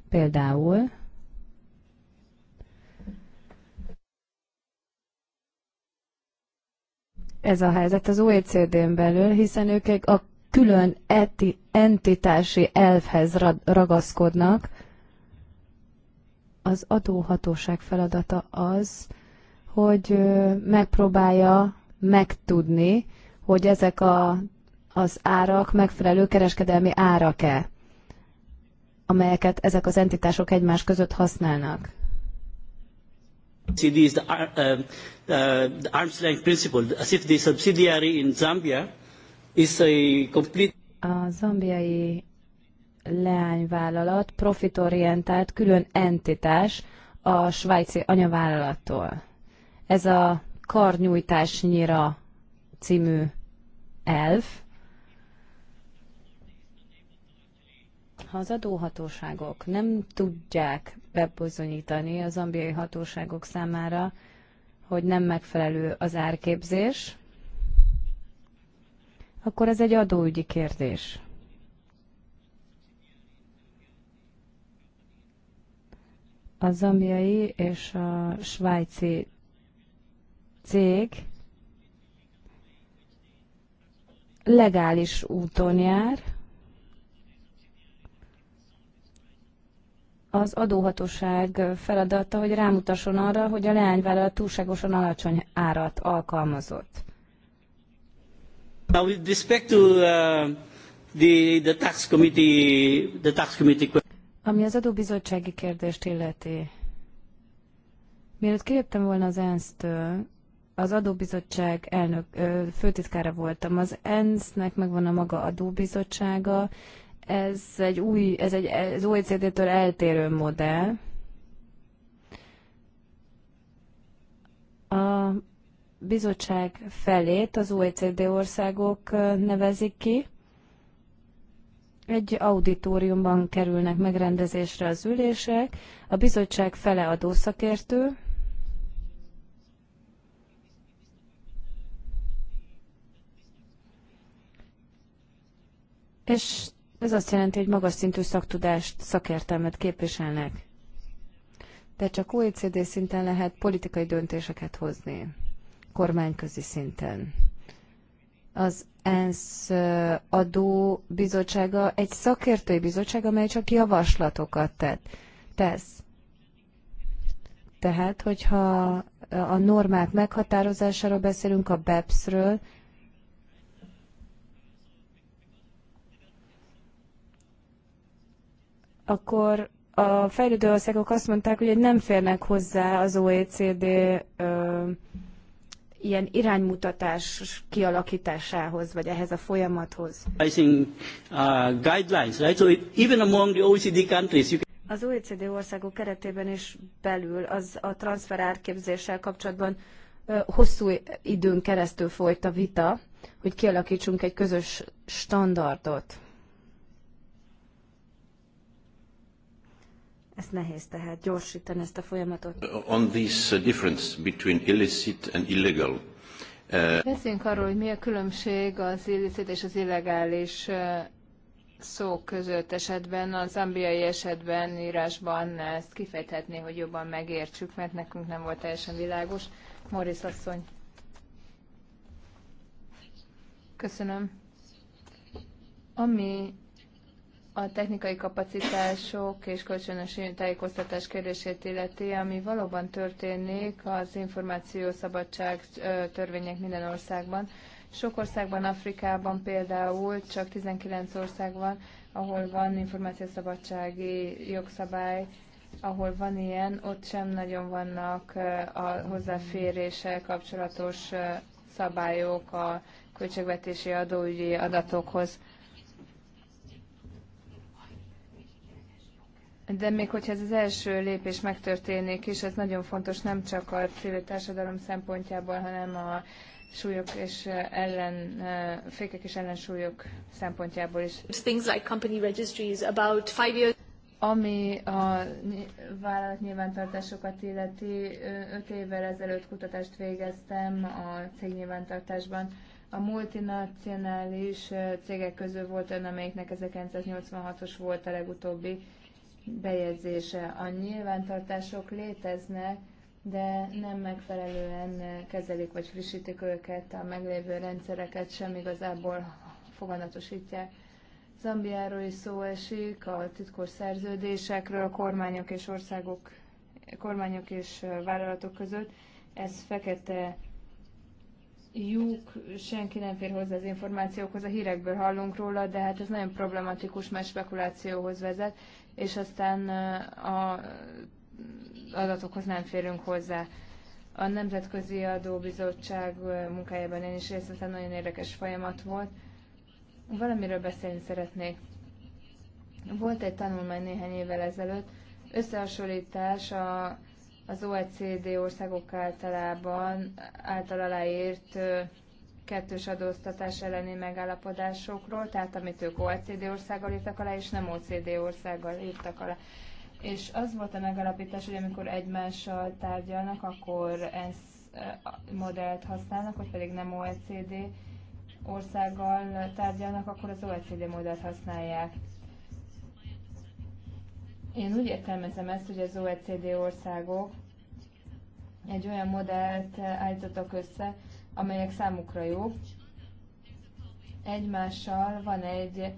Például ez a helyzet az OECD-n belül, hiszen ők a külön eti, entitási elvhez ragaszkodnak. Az adóhatóság feladata az, hogy megpróbálja megtudni, hogy ezek a, az árak megfelelő kereskedelmi árak-e, amelyeket ezek az entitások egymás között használnak. CDs, the, uh, uh, the arm's length principle, as if the subsidiary in Zambia is a complete... A zambiai leányvállalat profitorientált külön entitás a svájci anyavállalattól. Ez a karnyújtásnyira című elv. Ha az adóhatóságok nem tudják bebizonyítani a zambiai hatóságok számára, hogy nem megfelelő az árképzés, akkor ez egy adóügyi kérdés. A zambiai és a svájci cég legális úton jár, az adóhatóság feladata, hogy rámutasson arra, hogy a leányvállalat túlságosan alacsony árat alkalmazott. Now, with respect to uh, the, the tax committee, the tax committee... question. Ami az adóbizottsági kérdést illeti, mielőtt kijöttem volna az ENSZ-től, az adóbizottság elnök, ö, főtitkára voltam. Az ENSZ-nek megvan a maga adóbizottsága, ez egy új, ez egy az OECD-től eltérő modell. A bizottság felét az OECD országok nevezik ki. Egy auditoriumban kerülnek megrendezésre az ülések, a bizottság fele adószakértő, és ez azt jelenti, hogy magas szintű szaktudást, szakértelmet képviselnek. De csak OECD szinten lehet politikai döntéseket hozni kormányközi szinten. Az ENSZ adó bizottsága egy szakértői bizottság, amely csak javaslatokat tett, tesz. Tehát, hogyha a normák meghatározásáról beszélünk, a BEPS-ről, akkor a fejlődő országok azt mondták, hogy nem férnek hozzá az OECD ö, ilyen iránymutatás kialakításához, vagy ehhez a folyamathoz? I think, uh, guidelines, right? So even among the OECD countries, you can... Az OECD országok keretében is belül az a transfer árképzéssel kapcsolatban hosszú időn keresztül folyt a vita, hogy kialakítsunk egy közös standardot. Ezt nehéz tehát gyorsítani ezt a folyamatot. On this uh, difference between illicit and illegal. Uh, Beszéljünk arról, hogy mi a különbség az illicit és az illegális uh, szó között esetben, az zambiai esetben, írásban ezt kifejthetné, hogy jobban megértsük, mert nekünk nem volt teljesen világos. Morris asszony. Köszönöm. Ami a technikai kapacitások és kölcsönös tájékoztatás kérdését illeti, ami valóban történik az információszabadság törvények minden országban. Sok országban, Afrikában például csak 19 ország van, ahol van információszabadsági jogszabály, ahol van ilyen, ott sem nagyon vannak a hozzáféréssel kapcsolatos szabályok a költségvetési adóügyi adatokhoz. De még hogyha ez az első lépés megtörténik és ez nagyon fontos nem csak a civil társadalom szempontjából, hanem a súlyok és eh, ellen, eh, fékek és ellensúlyok szempontjából is. Things like company registries about five years ami a vállalat nyilvántartásokat illeti, öt évvel ezelőtt kutatást végeztem a cég nyilvántartásban. A multinacionális cégek közül volt ön, amelyiknek 1986-os volt a legutóbbi bejegyzése. A nyilvántartások léteznek, de nem megfelelően kezelik vagy frissítik őket, a meglévő rendszereket sem igazából foganatosítják. Zambiáról is szó esik, a titkos szerződésekről, a kormányok és országok, kormányok és vállalatok között. Ez fekete lyuk, senki nem fér hozzá az információkhoz, a hírekből hallunk róla, de hát ez nagyon problematikus, mert spekulációhoz vezet, és aztán a adatokhoz nem férünk hozzá. A Nemzetközi Adóbizottság munkájában én is részt vettem, nagyon érdekes folyamat volt. Valamiről beszélni szeretnék. Volt egy tanulmány néhány évvel ezelőtt, összehasonlítás a, az OECD országok általában által aláírt kettős adóztatás elleni megállapodásokról, tehát amit ők OECD országgal írtak alá, és nem OECD országgal írtak alá. És az volt a megalapítás, hogy amikor egymással tárgyalnak, akkor ezt modellt használnak, vagy pedig nem OECD országgal tárgyalnak, akkor az OECD modellt használják. Én úgy értelmezem ezt, hogy az OECD országok egy olyan modellt állítottak össze, amelyek számukra jók. Egymással van egy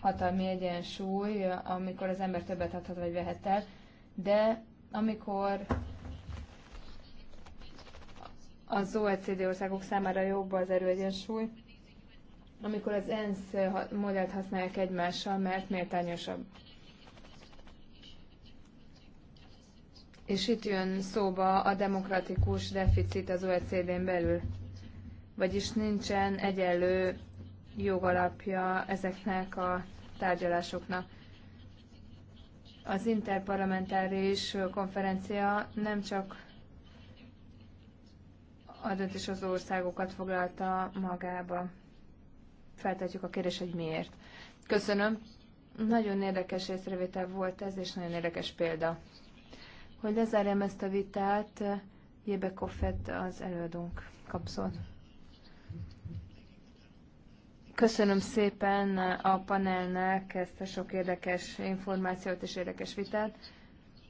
hatalmi egyensúly, amikor az ember többet adhat vagy vehet el, de amikor az OECD országok számára jobb az erőegyensúly, amikor az ENSZ modellt használják egymással, mert méltányosabb. És itt jön szóba a demokratikus deficit az OECD-n belül vagyis nincsen egyenlő jogalapja ezeknek a tárgyalásoknak. Az interparlamentáris konferencia nem csak a döntés az országokat foglalta magába. Feltetjük a kérdést, hogy miért. Köszönöm. Nagyon érdekes észrevétel volt ez, és nagyon érdekes példa. Hogy lezárjam ezt a vitát, Jébe Koffett az előadónk kapszol. Köszönöm szépen a panelnek ezt a sok érdekes információt és érdekes vitát.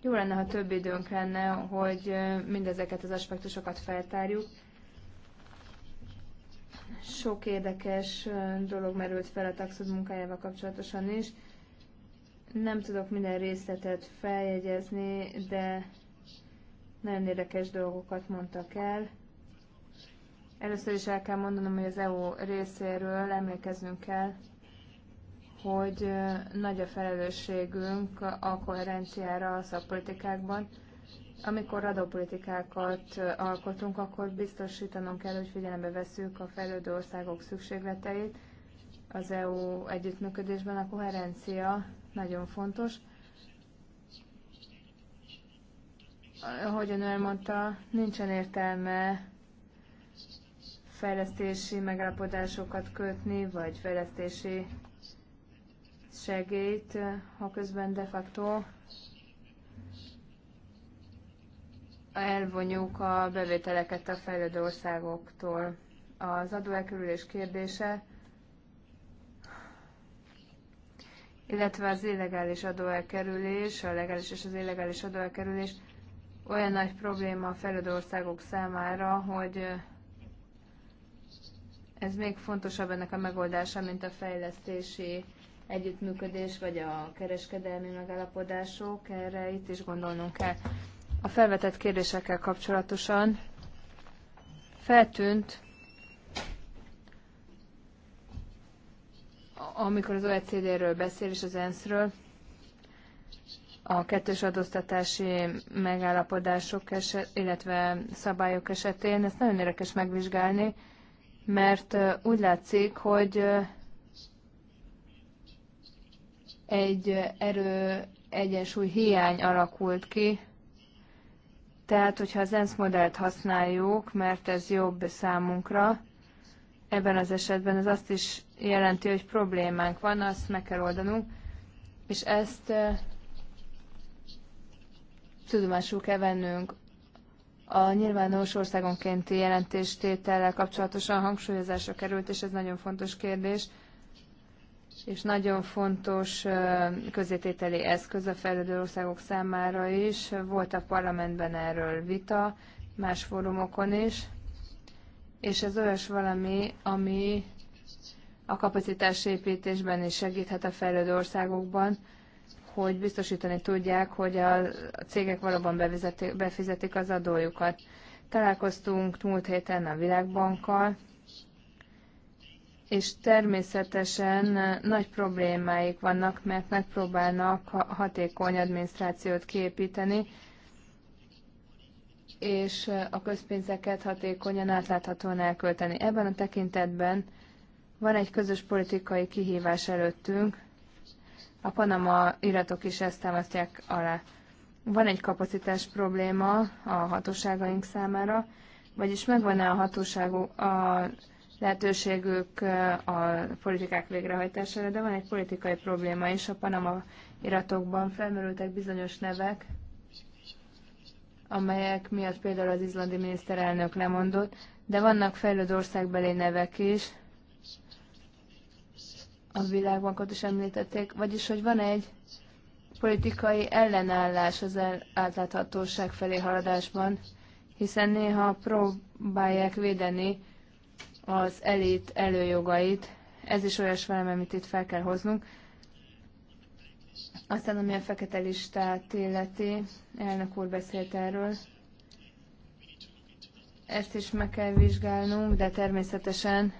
Jó lenne, ha több időnk lenne, hogy mindezeket az aspektusokat feltárjuk. Sok érdekes dolog merült fel a taxod munkájával kapcsolatosan is. Nem tudok minden részletet feljegyezni, de nagyon érdekes dolgokat mondtak el. Először is el kell mondanom, hogy az EU részéről emlékezünk kell, hogy nagy a felelősségünk a koherenciára a szakpolitikákban. Amikor adópolitikákat alkotunk, akkor biztosítanunk kell, hogy figyelembe veszük a fejlődő országok szükségleteit. Az EU együttműködésben a koherencia nagyon fontos. Ahogyan elmondta, nincsen értelme fejlesztési megállapodásokat kötni, vagy fejlesztési segélyt, ha közben de facto elvonjuk a bevételeket a fejlődő országoktól. Az adóelkerülés kérdése, illetve az illegális adóelkerülés, a legális és az illegális adóelkerülés olyan nagy probléma a fejlődő országok számára, hogy ez még fontosabb ennek a megoldása, mint a fejlesztési együttműködés vagy a kereskedelmi megállapodások. Erre itt is gondolnunk kell. A felvetett kérdésekkel kapcsolatosan feltűnt, amikor az OECD-ről beszél és az ENSZ-ről, a kettős adóztatási megállapodások, eset, illetve szabályok esetén, ezt nagyon érdekes megvizsgálni, mert úgy látszik, hogy egy erő egyensúly hiány alakult ki, tehát, hogyha az ENSZ modellt használjuk, mert ez jobb számunkra, ebben az esetben ez azt is jelenti, hogy problémánk van, azt meg kell oldanunk, és ezt tudomásul kell vennünk a nyilvános országonkénti jelentéstétellel kapcsolatosan hangsúlyozásra került, és ez nagyon fontos kérdés, és nagyon fontos közétételi eszköz a fejlődő országok számára is. Volt a parlamentben erről vita, más fórumokon is, és ez olyas valami, ami a kapacitásépítésben is segíthet a fejlődő országokban, hogy biztosítani tudják, hogy a cégek valóban befizetik az adójukat. Találkoztunk múlt héten a Világbankkal, és természetesen nagy problémáik vannak, mert megpróbálnak hatékony adminisztrációt kiépíteni, és a közpénzeket hatékonyan átláthatóan elkölteni. Ebben a tekintetben van egy közös politikai kihívás előttünk, a Panama iratok is ezt támasztják alá. Van egy kapacitás probléma a hatóságaink számára, vagyis megvan-e a hatóságok, a lehetőségük a politikák végrehajtására, de van egy politikai probléma is. A Panama iratokban felmerültek bizonyos nevek, amelyek miatt például az izlandi miniszterelnök lemondott, de vannak fejlődő országbeli nevek is, a világbankot is említették, vagyis hogy van egy politikai ellenállás az átláthatóság felé haladásban, hiszen néha próbálják védeni az elit előjogait. Ez is olyas velem, amit itt fel kell hoznunk. Aztán, ami a fekete listát illeti, elnök úr beszélt erről. Ezt is meg kell vizsgálnunk, de természetesen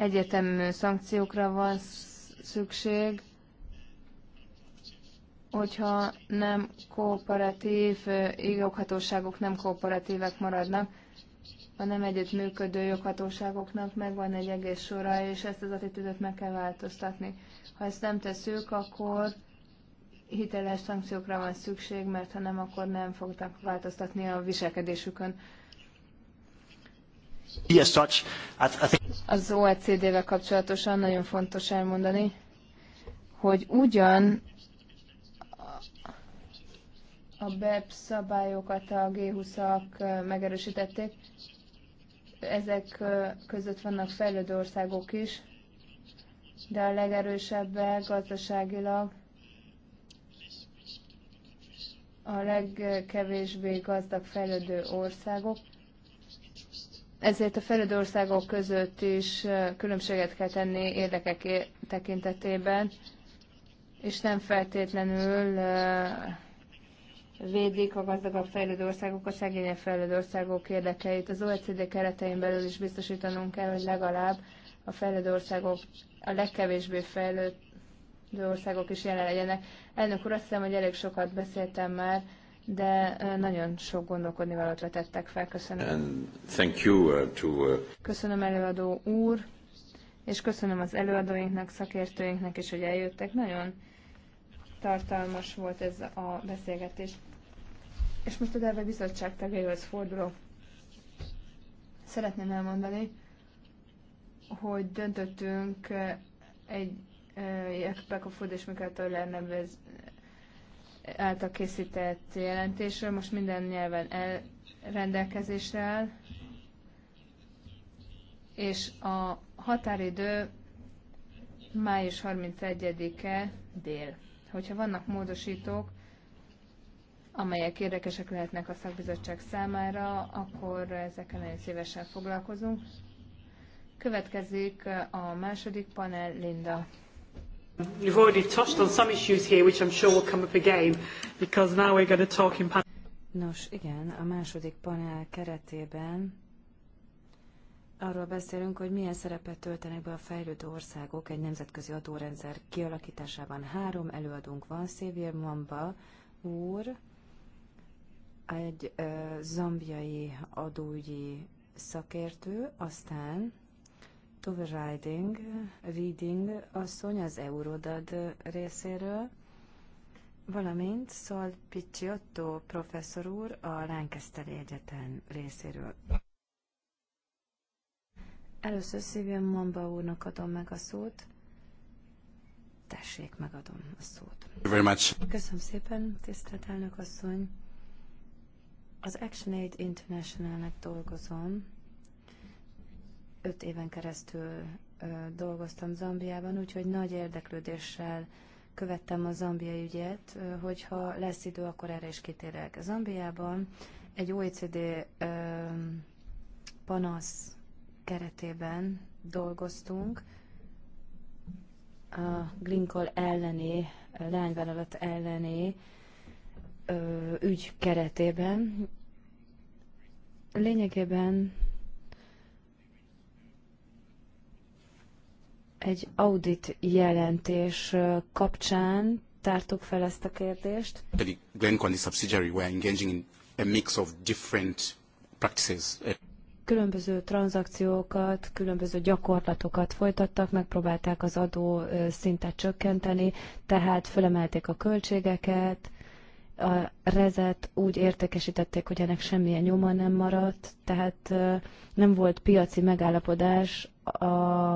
Egyértelmű szankciókra van szükség, hogyha nem kooperatív, joghatóságok nem kooperatívek maradnak, a nem együttműködő joghatóságoknak megvan egy egész sora, és ezt az attitűdöt meg kell változtatni. Ha ezt nem teszünk, akkor hiteles szankciókra van szükség, mert ha nem, akkor nem fognak változtatni a viselkedésükön. Az OECD-vel kapcsolatosan nagyon fontos elmondani, hogy ugyan a BEPS szabályokat a G20-ak megerősítették, ezek között vannak fejlődő országok is, de a legerősebbek gazdaságilag a legkevésbé gazdag fejlődő országok, ezért a fejlődő országok között is különbséget kell tenni érdekek tekintetében, és nem feltétlenül védik a gazdagabb fejlődő országok, a szegényebb fejlődő országok érdekeit. Az OECD keretein belül is biztosítanunk kell, hogy legalább a fejlődő országok, a legkevésbé fejlődő országok is jelen legyenek. Elnök úr, azt hiszem, hogy elég sokat beszéltem már de nagyon sok gondolkodni valót tettek fel. Köszönöm. And thank you uh, to, uh, Köszönöm előadó úr, és köszönöm az előadóinknak, szakértőinknek is, hogy eljöttek. Nagyon tartalmas volt ez a beszélgetés. És most a Derve Bizottság tagjaihoz forduló. Szeretném elmondani, hogy döntöttünk egy Jakbek a Ford és Mikátor Toller által készített jelentésről. Most minden nyelven el, rendelkezésre áll, és a határidő május 31-e dél. Hogyha vannak módosítók, amelyek érdekesek lehetnek a szakbizottság számára, akkor ezeken nagyon szívesen foglalkozunk. Következik a második panel, Linda. You've already touched on some issues here, which I'm sure will come up again, because now we're going to talk in panel. Nos, igen, a második panel keretében arról beszélünk, hogy milyen szerepet töltenek be a fejlődő országok egy nemzetközi adórendszer kialakításában. Három előadónk van, Szévér Mamba úr, egy ö, zambiai adóügyi szakértő, aztán Tove Riding, Reading asszony az Eurodad részéről, valamint Szal Picciotto professzor úr a Lancaster Egyetem részéről. Először Szívjön Mamba úrnak adom meg a szót. Tessék, megadom a szót. Very much. Köszönöm szépen, tisztelt elnök asszony. Az ActionAid International-nek dolgozom, öt éven keresztül dolgoztam Zambiában, úgyhogy nagy érdeklődéssel követtem a zambiai ügyet, hogyha lesz idő, akkor erre is kitérek. Zambiában egy OECD panasz keretében dolgoztunk, a Glinkol elleni, lányvállalat elleni ö, ügy keretében. Lényegében egy audit jelentés kapcsán tártuk fel ezt a kérdést. Glencoe subsidiary were engaging in a mix of different practices. Különböző tranzakciókat, különböző gyakorlatokat folytattak, megpróbálták az adó szintet csökkenteni, tehát fölemelték a költségeket, a rezet úgy értékesítették, hogy ennek semmilyen nyoma nem maradt, tehát nem volt piaci megállapodás a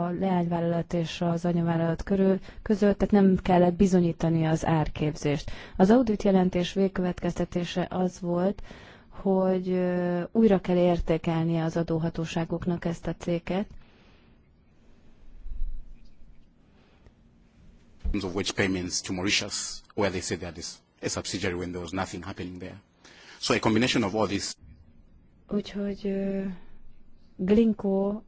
leányvállalat és az anyavállalat körül, között, tehát nem kellett bizonyítani az árképzést. Az audit jelentés végkövetkeztetése az volt, hogy újra kell értékelnie az adóhatóságoknak ezt a céget. of which payments to Mauritius, where they said that is a subsidiary when there was nothing happening there. So a combination of all this. Úgyhogy uh, Glinko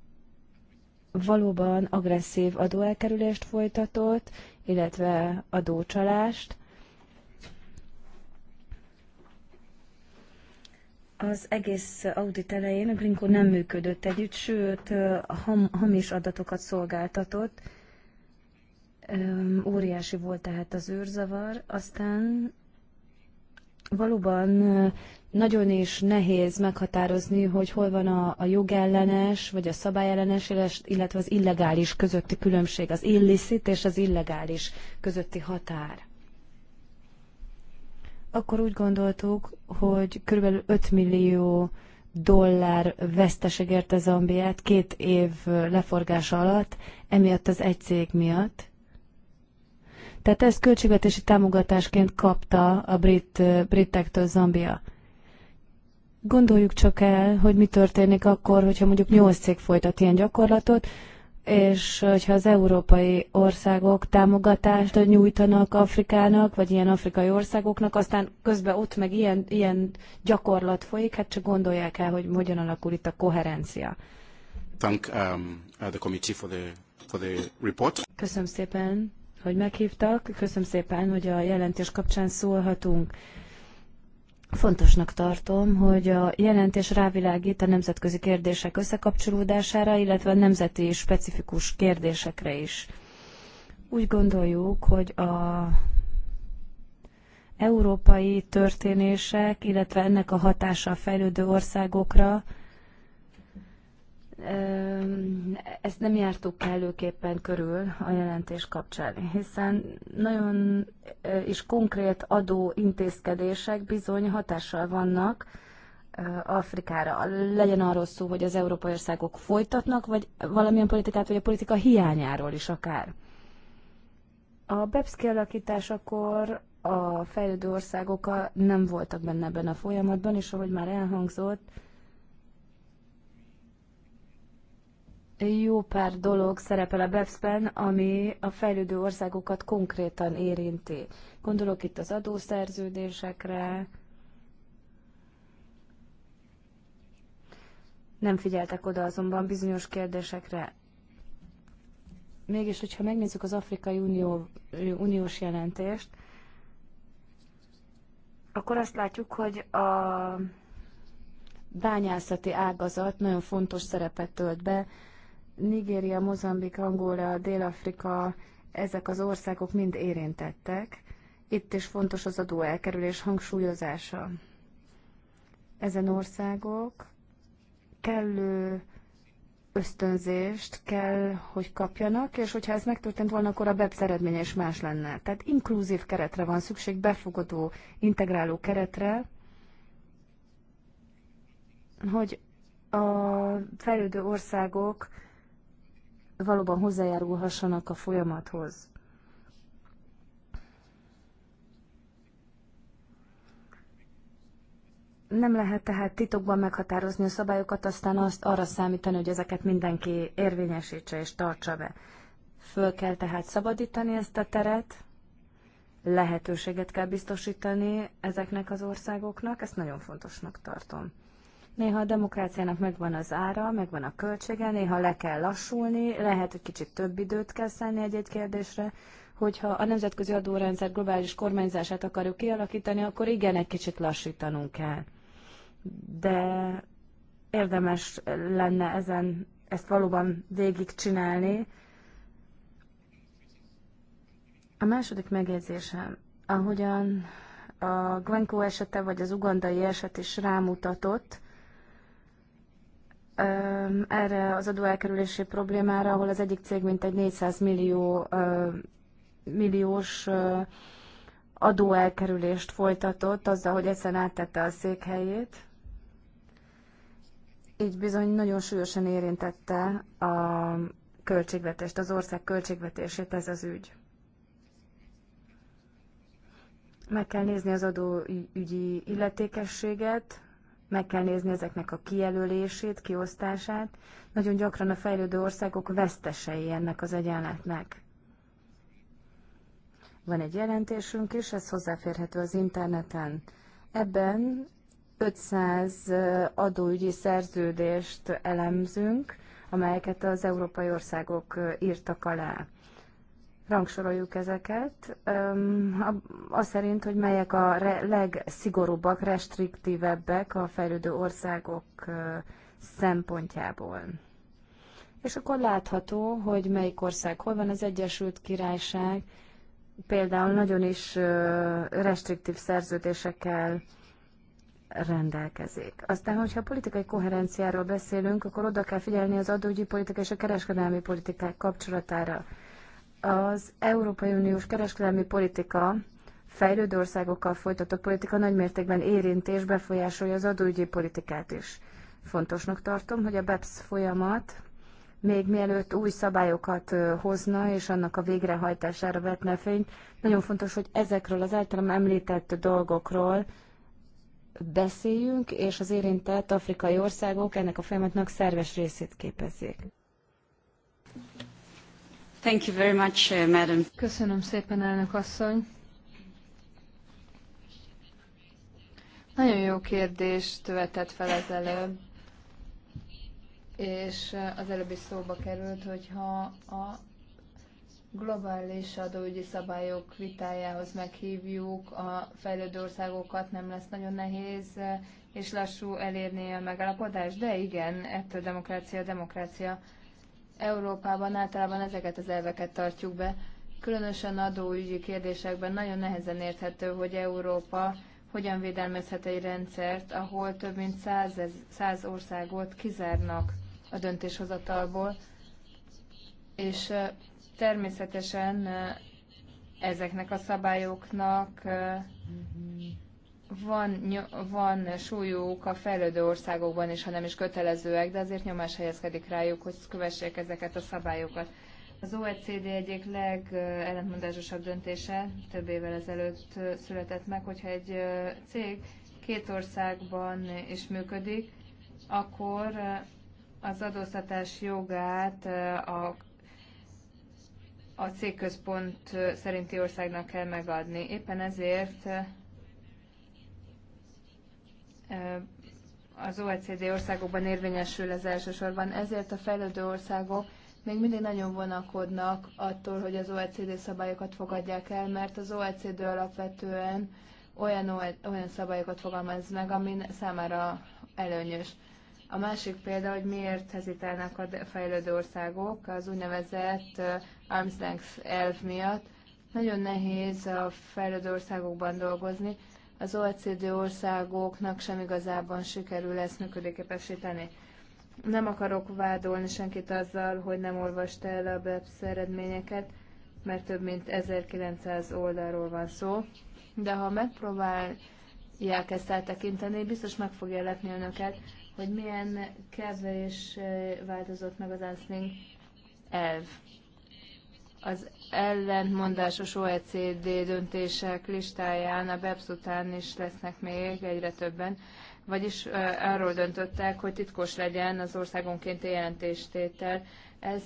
valóban agresszív adóelkerülést folytatott, illetve adócsalást. Az egész audit elején a Grinko nem működött együtt, sőt, ham, hamis adatokat szolgáltatott. Óriási volt tehát az őrzavar. aztán valóban nagyon is nehéz meghatározni, hogy hol van a, a jogellenes, vagy a szabályellenes, illetve az illegális közötti különbség, az illicit és az illegális közötti határ. Akkor úgy gondoltuk, hogy kb. 5 millió dollár veszteségért érte Zambiát két év leforgása alatt, emiatt az egy cég miatt. Tehát ezt költségvetési támogatásként kapta a brit, britektől Zambia. Gondoljuk csak el, hogy mi történik akkor, hogyha mondjuk 8 cég folytat ilyen gyakorlatot, és hogyha az európai országok támogatást nyújtanak Afrikának, vagy ilyen afrikai országoknak, aztán közben ott meg ilyen, ilyen gyakorlat folyik, hát csak gondolják el, hogy hogyan alakul itt a koherencia. Thank um, uh, the committee for the, for the report. Köszönöm szépen, hogy meghívtak, köszönöm szépen, hogy a jelentés kapcsán szólhatunk. Fontosnak tartom, hogy a jelentés rávilágít a nemzetközi kérdések összekapcsolódására, illetve a nemzeti specifikus kérdésekre is. Úgy gondoljuk, hogy a európai történések, illetve ennek a hatása a fejlődő országokra ezt nem jártuk kellőképpen körül a jelentés kapcsán, hiszen nagyon is konkrét adó intézkedések bizony hatással vannak Afrikára. Legyen arról szó, hogy az európai országok folytatnak, vagy valamilyen politikát, vagy a politika hiányáról is akár. A BEPS kialakításakor a fejlődő országok nem voltak benne ebben a folyamatban, és ahogy már elhangzott, jó pár dolog szerepel a BEPS-ben, ami a fejlődő országokat konkrétan érinti. Gondolok itt az adószerződésekre, nem figyeltek oda azonban bizonyos kérdésekre. Mégis, hogyha megnézzük az Afrikai Unió, Uniós jelentést, akkor azt látjuk, hogy a bányászati ágazat nagyon fontos szerepet tölt be, Nigéria, Mozambik, Angola, Dél-Afrika, ezek az országok mind érintettek. Itt is fontos az adó elkerülés hangsúlyozása. Ezen országok kellő ösztönzést kell, hogy kapjanak, és hogyha ez megtörtént volna, akkor a BEPS eredménye is más lenne. Tehát inkluzív keretre van szükség, befogadó, integráló keretre, hogy a fejlődő országok valóban hozzájárulhassanak a folyamathoz. Nem lehet tehát titokban meghatározni a szabályokat, aztán azt arra számítani, hogy ezeket mindenki érvényesítse és tartsa be. Föl kell tehát szabadítani ezt a teret, lehetőséget kell biztosítani ezeknek az országoknak, ezt nagyon fontosnak tartom. Néha a demokráciának megvan az ára, megvan a költsége, néha le kell lassulni, lehet, hogy kicsit több időt kell szállni egy-egy kérdésre, hogyha a nemzetközi adórendszer globális kormányzását akarjuk kialakítani, akkor igen, egy kicsit lassítanunk kell. De érdemes lenne ezen, ezt valóban végigcsinálni. A második megjegyzésem, ahogyan a Gwenko esete vagy az ugandai eset is rámutatott, erre az adóelkerülési problémára, ahol az egyik cég mintegy 400 millió, milliós adóelkerülést folytatott azzal, hogy egyszerűen áttette a székhelyét. Így bizony nagyon súlyosan érintette a költségvetést, az ország költségvetését ez az ügy. Meg kell nézni az adóügyi illetékességet, meg kell nézni ezeknek a kijelölését, kiosztását. Nagyon gyakran a fejlődő országok vesztesei ennek az egyenletnek. Van egy jelentésünk is, ez hozzáférhető az interneten. Ebben 500 adóügyi szerződést elemzünk, amelyeket az európai országok írtak alá rangsoroljuk ezeket, az szerint, hogy melyek a legszigorúbbak, restriktívebbek a fejlődő országok szempontjából. És akkor látható, hogy melyik ország hol van, az Egyesült Királyság például nagyon is restriktív szerződésekkel rendelkezik. Aztán, hogyha a politikai koherenciáról beszélünk, akkor oda kell figyelni az adógyi politika és a kereskedelmi politikák kapcsolatára. Az Európai Uniós kereskedelmi politika fejlődő országokkal folytatott politika nagymértékben érint és befolyásolja az adóügyi politikát is. Fontosnak tartom, hogy a BEPS folyamat még mielőtt új szabályokat hozna és annak a végrehajtására vetne fényt, nagyon fontos, hogy ezekről az általam említett dolgokról beszéljünk, és az érintett afrikai országok ennek a folyamatnak szerves részét képezzék. Thank you very much, uh, madam. Köszönöm szépen, elnök asszony. Nagyon jó kérdést vetett fel az előbb, és uh, az előbb is szóba került, hogyha a globális adóügyi szabályok vitájához meghívjuk a fejlődő országokat, nem lesz nagyon nehéz uh, és lassú elérni a megállapodást, de igen, ettől demokrácia, demokrácia. Európában általában ezeket az elveket tartjuk be. Különösen adóügyi kérdésekben nagyon nehezen érthető, hogy Európa hogyan védelmezhet egy rendszert, ahol több mint száz, országot kizárnak a döntéshozatalból, és természetesen ezeknek a szabályoknak van, van súlyuk a fejlődő országokban is, ha nem is kötelezőek, de azért nyomás helyezkedik rájuk, hogy kövessék ezeket a szabályokat. Az OECD egyik legellentmondásosabb döntése több évvel ezelőtt született meg, hogyha egy cég két országban is működik, akkor az adóztatás jogát a, a cégközpont szerinti országnak kell megadni. Éppen ezért az OECD országokban érvényesül ez elsősorban. Ezért a fejlődő országok még mindig nagyon vonakodnak attól, hogy az OECD szabályokat fogadják el, mert az OECD alapvetően olyan, e, olyan szabályokat fogalmaz meg, ami számára előnyös. A másik példa, hogy miért hezitálnak a fejlődő országok, az úgynevezett arms length elv miatt. Nagyon nehéz a fejlődő országokban dolgozni, az OECD országoknak sem igazában sikerül ezt működőképesíteni. Nem akarok vádolni senkit azzal, hogy nem olvasta el a BEPS eredményeket, mert több mint 1900 oldalról van szó, de ha megpróbálják ezt eltekinteni, biztos meg fogja lepni önöket, hogy milyen kevés eh, változott meg az Ansling elv az ellentmondásos OECD döntések listáján a BEPS után is lesznek még egyre többen, vagyis arról döntöttek, hogy titkos legyen az országonként jelentéstétel. Ez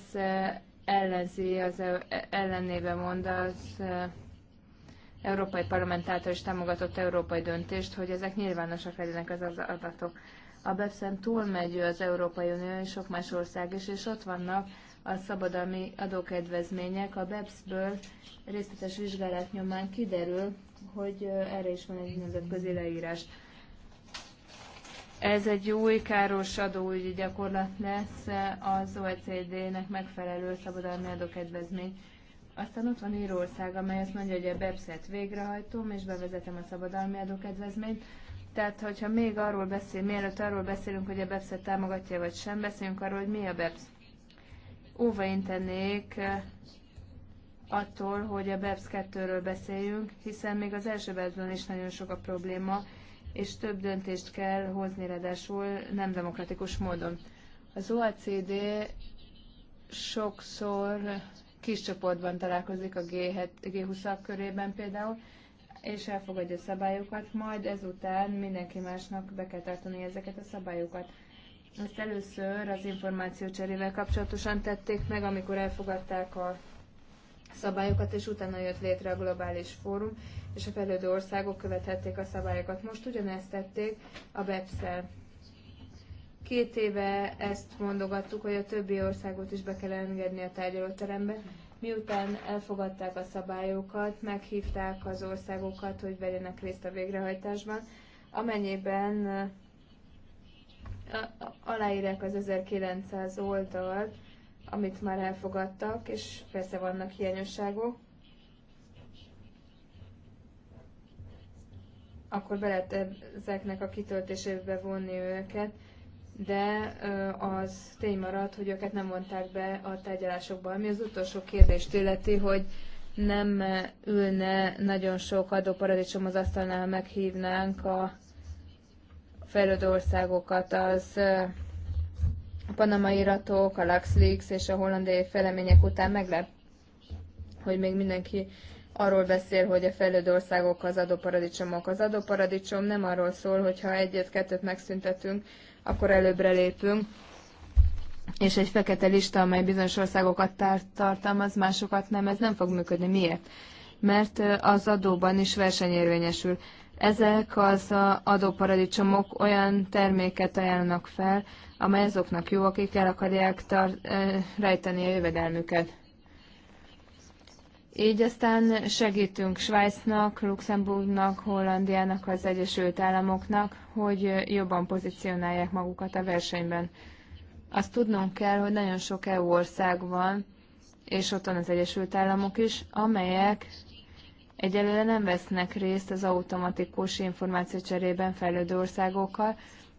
ellenzi, az e e, ellenébe mond az Európai Parlament által is támogatott európai döntést, hogy ezek nyilvánosak legyenek az adatok. A BEPS-en túlmegy az Európai Unió és sok más ország is, és ott vannak a szabadalmi adókedvezmények. A BEPS-ből részletes vizsgálat nyomán kiderül, hogy erre is van egy nemzetközi leírás. Ez egy új káros adóügyi gyakorlat lesz az OECD-nek megfelelő szabadalmi adókedvezmény. Aztán ott van Írország, amely azt mondja, hogy a BEPS-et végrehajtom, és bevezetem a szabadalmi adókedvezményt. Tehát, hogyha még arról beszél, mielőtt arról beszélünk, hogy a BEPS-et támogatja vagy sem, beszélünk arról, hogy mi a BEPS tennék eh, attól, hogy a BEPS 2-ről beszéljünk, hiszen még az első BEPS-ben is nagyon sok a probléma, és több döntést kell hozni, ráadásul nem demokratikus módon. Az OACD sokszor kis csoportban találkozik a G20-ak körében például, és elfogadja a szabályokat, majd ezután mindenki másnak be kell tartani ezeket a szabályokat. Ezt először az információcserével kapcsolatosan tették meg, amikor elfogadták a szabályokat, és utána jött létre a globális fórum, és a fejlődő országok követhették a szabályokat. Most ugyanezt tették a beps Két éve ezt mondogattuk, hogy a többi országot is be kell engedni a tárgyalóterembe. Miután elfogadták a szabályokat, meghívták az országokat, hogy vegyenek részt a végrehajtásban, amennyiben aláírják az 1900 oldalt, amit már elfogadtak, és persze vannak hiányosságok, akkor be lehet ezeknek a kitöltésébe vonni őket, de az tény maradt, hogy őket nem mondták be a tárgyalásokban. Ami az utolsó kérdést illeti, hogy nem ülne nagyon sok adóparadicsom az asztalnál, meghívnánk a fejlődő országokat, az a panamai iratok, a LuxLeaks és a hollandai felemények után meglep, hogy még mindenki arról beszél, hogy a fejlődő országok az adóparadicsomok. Az adóparadicsom nem arról szól, hogy ha egyet-kettőt megszüntetünk, akkor előbbre lépünk, és egy fekete lista, amely bizonyos országokat tartalmaz, másokat nem, ez nem fog működni. Miért? Mert az adóban is versenyérvényesül. Ezek az adóparadicsomok olyan terméket ajánlanak fel, amely azoknak jó, akik el akarják tar- rejteni a jövedelmüket. Így aztán segítünk Svájcnak, Luxemburgnak, Hollandiának, az Egyesült Államoknak, hogy jobban pozícionálják magukat a versenyben. Azt tudnunk kell, hogy nagyon sok EU ország van, és ott van az Egyesült Államok is, amelyek egyelőre nem vesznek részt az automatikus információcserében fejlődő országokkal,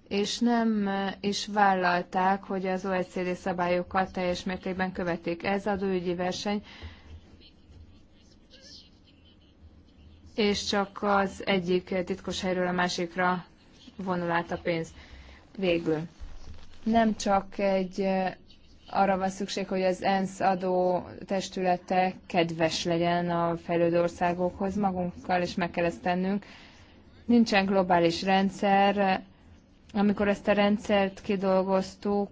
és nem eh, is vállalták, hogy az OECD szabályokat teljes mértékben követik. Ez adóügyi verseny, és csak az egyik titkos helyről a másikra vonul át a pénz. Végül. Nem csak egy eh, arra van szükség, hogy az ENSZ adó testülete kedves legyen a fejlődő országokhoz magunkkal, és meg kell ezt tennünk. Nincsen globális rendszer. Amikor ezt a rendszert kidolgoztuk,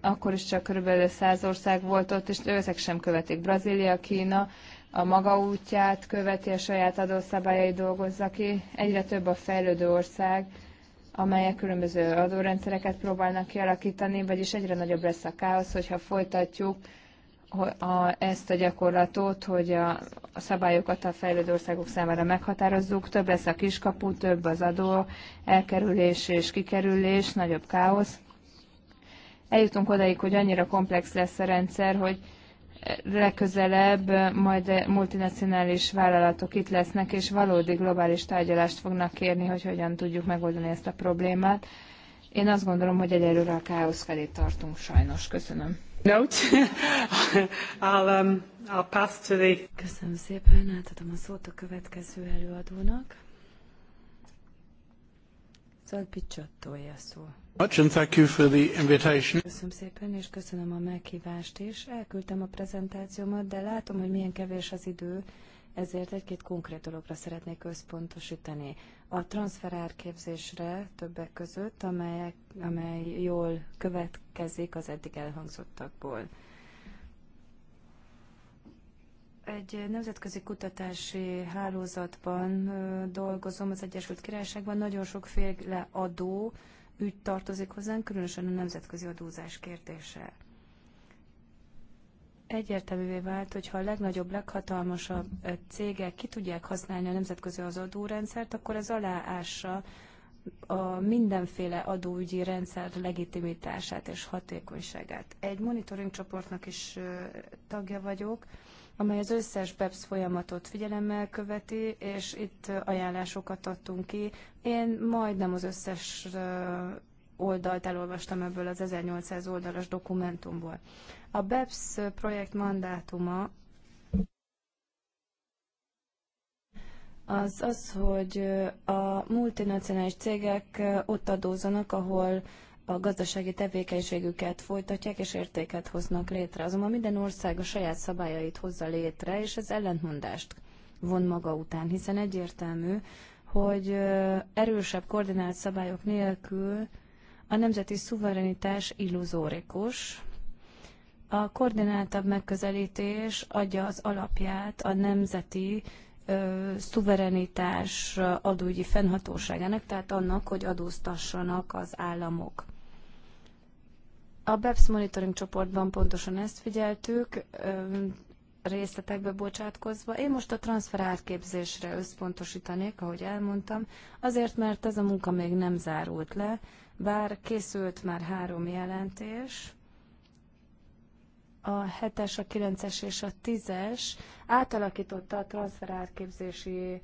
akkor is csak körülbelül 100 ország volt ott, és ezek sem követik. Brazília, Kína a maga útját követi, a saját adószabályai dolgozza ki. Egyre több a fejlődő ország, amelyek különböző adórendszereket próbálnak kialakítani, vagyis egyre nagyobb lesz a káosz, hogyha folytatjuk ezt a gyakorlatot, hogy a, a szabályokat a fejlődő országok számára meghatározzuk, több lesz a kiskapu, több az adó, elkerülés és kikerülés, nagyobb káosz. Eljutunk odaig, hogy annyira komplex lesz a rendszer, hogy legközelebb majd multinacionális vállalatok itt lesznek, és valódi globális tárgyalást fognak kérni, hogy hogyan tudjuk megoldani ezt a problémát. Én azt gondolom, hogy egyelőre a káosz felé tartunk sajnos. Köszönöm. Note. I'll, um, I'll pass to the... Köszönöm szépen, átadom a szót a következő előadónak percben Picsattolja Köszönöm szépen, és köszönöm a meghívást is. Elküldtem a prezentációmat, de látom, hogy milyen kevés az idő, ezért egy-két konkrét dologra szeretnék összpontosítani. A transferárképzésre többek között, amely amely jól következik az eddig elhangzottakból. Egy nemzetközi kutatási hálózatban dolgozom az Egyesült Királyságban, nagyon sokféle adó ügy tartozik hozzánk, különösen a nemzetközi adózás kérdése. Egyértelművé vált, hogyha a legnagyobb, leghatalmasabb cégek ki tudják használni a nemzetközi az adórendszert, akkor ez aláássa a mindenféle adóügyi rendszer legitimitását és hatékonyságát. Egy monitoring csoportnak is tagja vagyok, amely az összes BEPS folyamatot figyelemmel követi, és itt ajánlásokat adtunk ki. Én majdnem az összes oldalt elolvastam ebből az 1800 oldalas dokumentumból. A BEPS projekt mandátuma az az, hogy a multinacionális cégek ott adózanak, ahol a gazdasági tevékenységüket folytatják és értéket hoznak létre. Azonban minden ország a saját szabályait hozza létre, és ez ellentmondást von maga után, hiszen egyértelmű, hogy erősebb koordinált szabályok nélkül a nemzeti szuverenitás illuzórikus, a koordináltabb megközelítés adja az alapját a nemzeti szuverenitás adóügyi fennhatóságának, tehát annak, hogy adóztassanak az államok. A BEPS monitoring csoportban pontosan ezt figyeltük, részletekbe bocsátkozva. Én most a transfer átképzésre összpontosítanék, ahogy elmondtam, azért, mert ez a munka még nem zárult le, bár készült már három jelentés, a 7-es, a 9-es és a 10-es átalakította a transferárképzési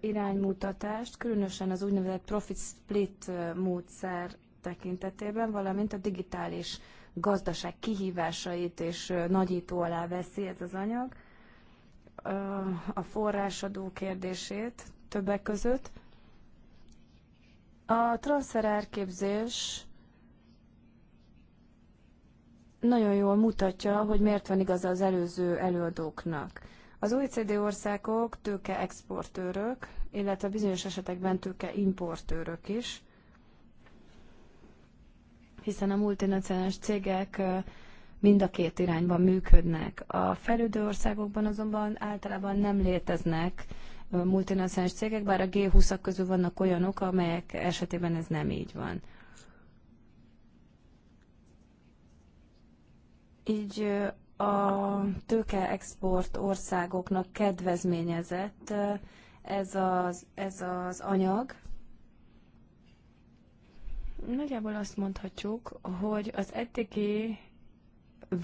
iránymutatást, különösen az úgynevezett profit split módszer tekintetében, valamint a digitális gazdaság kihívásait és nagyító alá veszi ez az anyag, a forrásadó kérdését többek között. A transfer elképzés nagyon jól mutatja, hogy miért van igaza az előző előadóknak. Az OECD országok tőke exportőrök, illetve bizonyos esetekben tőke importőrök is, hiszen a multinacionális cégek mind a két irányban működnek. A fejlődő országokban azonban általában nem léteznek multinacionális cégek, bár a G20-ak közül vannak olyanok, amelyek esetében ez nem így van. így a export országoknak kedvezményezett ez az, ez az anyag. Nagyjából azt mondhatjuk, hogy az eddigi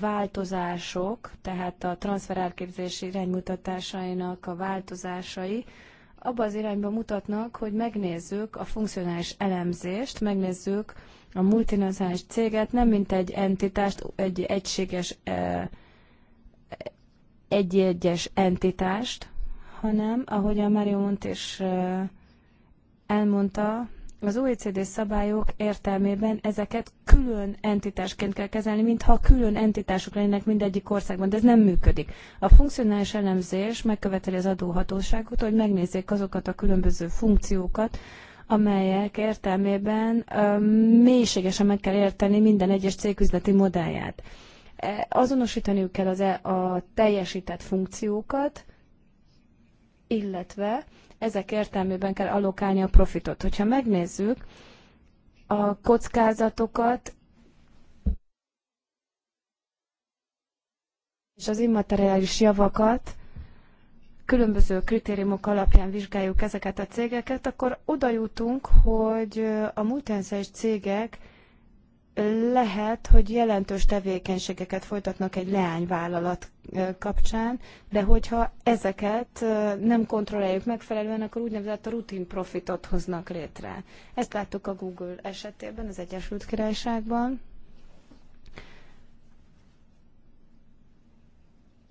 változások, tehát a transferárképzési iránymutatásainak a változásai abba az irányba mutatnak, hogy megnézzük a funkcionális elemzést, megnézzük, a multinacionális céget nem mint egy entitást, egy egységes, egy egyes entitást, hanem, ahogy a Mario Mont is elmondta, az OECD szabályok értelmében ezeket külön entitásként kell kezelni, mintha külön entitások lennének mindegyik országban, de ez nem működik. A funkcionális elemzés megköveteli az adóhatóságot, hogy megnézzék azokat a különböző funkciókat, amelyek értelmében mélységesen meg kell érteni minden egyes cégüzleti modellját. E, azonosítaniuk kell az e a teljesített funkciókat, illetve ezek értelmében kell alokálni a profitot. Hogyha megnézzük a kockázatokat, és az immateriális javakat, különböző kritériumok alapján vizsgáljuk ezeket a cégeket, akkor oda jutunk, hogy a multinacionális cégek lehet, hogy jelentős tevékenységeket folytatnak egy leányvállalat kapcsán, de hogyha ezeket nem kontrolláljuk megfelelően, akkor úgynevezett a rutin profitot hoznak létre. Ezt láttuk a Google esetében, az Egyesült Királyságban.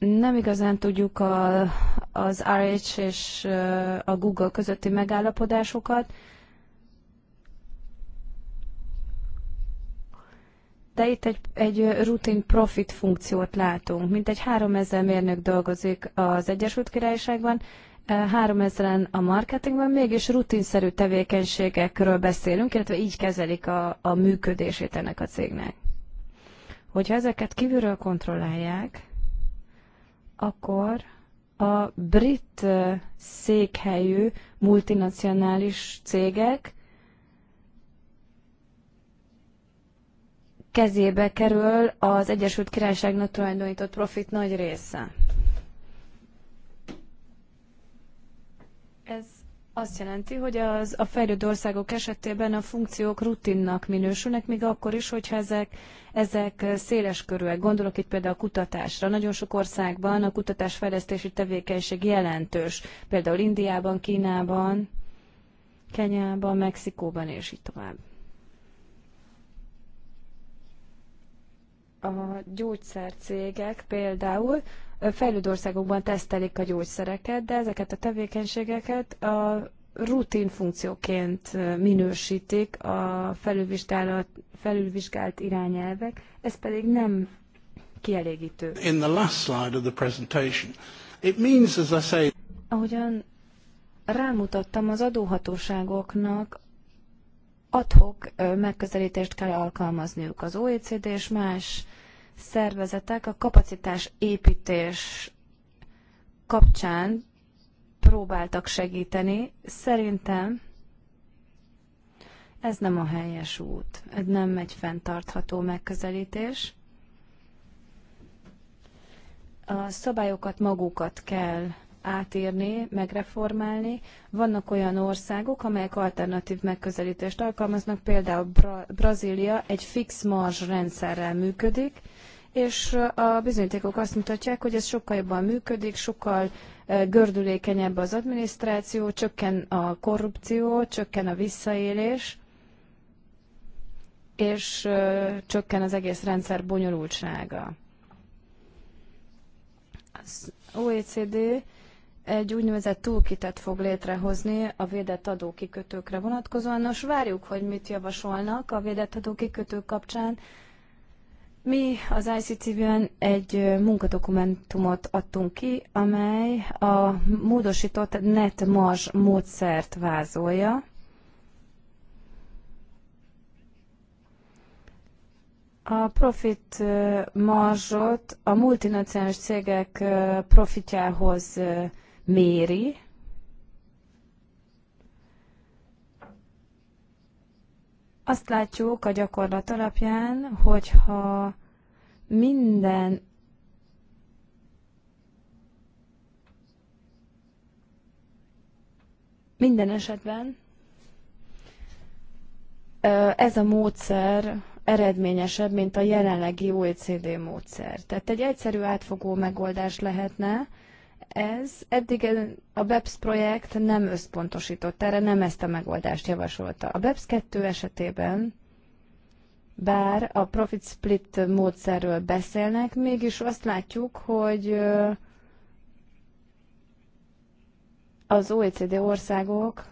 nem igazán tudjuk a, az RH és a Google közötti megállapodásokat, de itt egy, egy rutin profit funkciót látunk. Mintegy 3000 mérnök dolgozik az Egyesült Királyságban, 3000-en a marketingben, mégis rutinszerű tevékenységekről beszélünk, illetve így kezelik a, a működését ennek a cégnek. Hogyha ezeket kívülről kontrollálják, akkor a brit székhelyű multinacionális cégek kezébe kerül az Egyesült Királyságnak tulajdonított profit nagy része. azt jelenti, hogy az, a fejlődő országok esetében a funkciók rutinnak minősülnek, még akkor is, hogyha ezek, ezek széles körűek. Gondolok itt például a kutatásra. Nagyon sok országban a kutatásfejlesztési tevékenység jelentős, például Indiában, Kínában, Kenyában, Mexikóban és így tovább. a gyógyszercégek például fejlődő országokban tesztelik a gyógyszereket, de ezeket a tevékenységeket a rutin funkcióként minősítik a felülvizsgálat, felülvizsgált irányelvek, ez pedig nem kielégítő. In the last slide of the presentation, it means, as I say... Ahogyan rámutattam, az adóhatóságoknak adhok megközelítést kell alkalmazniuk. Az OECD és más szervezetek a kapacitás építés kapcsán próbáltak segíteni. Szerintem ez nem a helyes út, ez nem egy fenntartható megközelítés. A szabályokat magukat kell átírni, megreformálni. Vannak olyan országok, amelyek alternatív megközelítést alkalmaznak, például Bra- Brazília egy fix marzs rendszerrel működik, és a bizonyítékok azt mutatják, hogy ez sokkal jobban működik, sokkal gördülékenyebb az adminisztráció, csökken a korrupció, csökken a visszaélés, és csökken az egész rendszer bonyolultsága. Az OECD egy úgynevezett túlkitet fog létrehozni a védett adókikötőkre vonatkozóan. Nos, várjuk, hogy mit javasolnak a védett adókikötők kapcsán, mi az ICT-ben egy munkadokumentumot adtunk ki, amely a módosított net mars módszert vázolja. A profit marzsot a multinacionális cégek profitjához méri, Azt látjuk a gyakorlat alapján, hogyha minden minden esetben ez a módszer eredményesebb, mint a jelenlegi OECD módszer. Tehát egy egyszerű átfogó megoldás lehetne, ez. Eddig a BEPS projekt nem összpontosított erre, nem ezt a megoldást javasolta. A BEPS 2 esetében bár a profit split módszerről beszélnek, mégis azt látjuk, hogy az OECD országok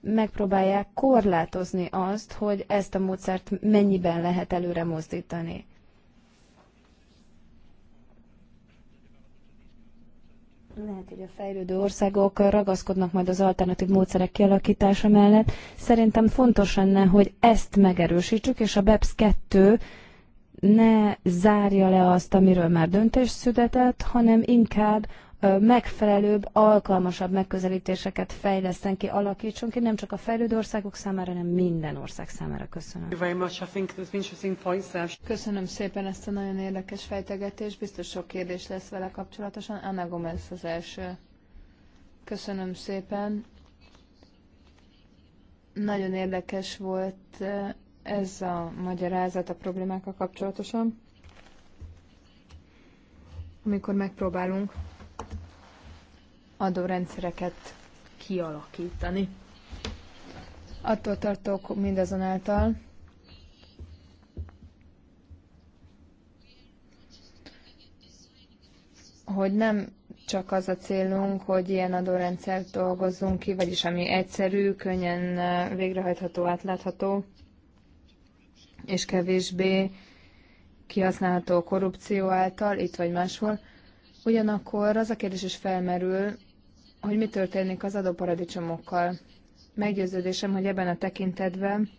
megpróbálják korlátozni azt, hogy ezt a módszert mennyiben lehet előre mozdítani. lehet, hogy a fejlődő országok ragaszkodnak majd az alternatív módszerek kialakítása mellett. Szerintem fontos lenne, hogy ezt megerősítsük, és a BEPS 2 ne zárja le azt, amiről már döntés született, hanem inkább megfelelőbb, alkalmasabb megközelítéseket fejleszten ki, alakítson ki, nem csak a fejlődő országok számára, hanem minden ország számára. Köszönöm. Köszönöm szépen ezt a nagyon érdekes fejtegetést. Biztos sok kérdés lesz vele kapcsolatosan. Anna Gomez az első. Köszönöm szépen. Nagyon érdekes volt ez a magyarázat a problémákkal kapcsolatosan, amikor megpróbálunk adórendszereket kialakítani. Attól tartok mindazonáltal, hogy nem csak az a célunk, hogy ilyen adórendszert dolgozzunk ki, vagyis ami egyszerű, könnyen eh, végrehajtható, átlátható, és kevésbé kihasználható korrupció által, itt vagy máshol. Ugyanakkor az a kérdés is felmerül, hogy mi történik az adóparadicsomokkal. Meggyőződésem, hogy ebben a tekintetben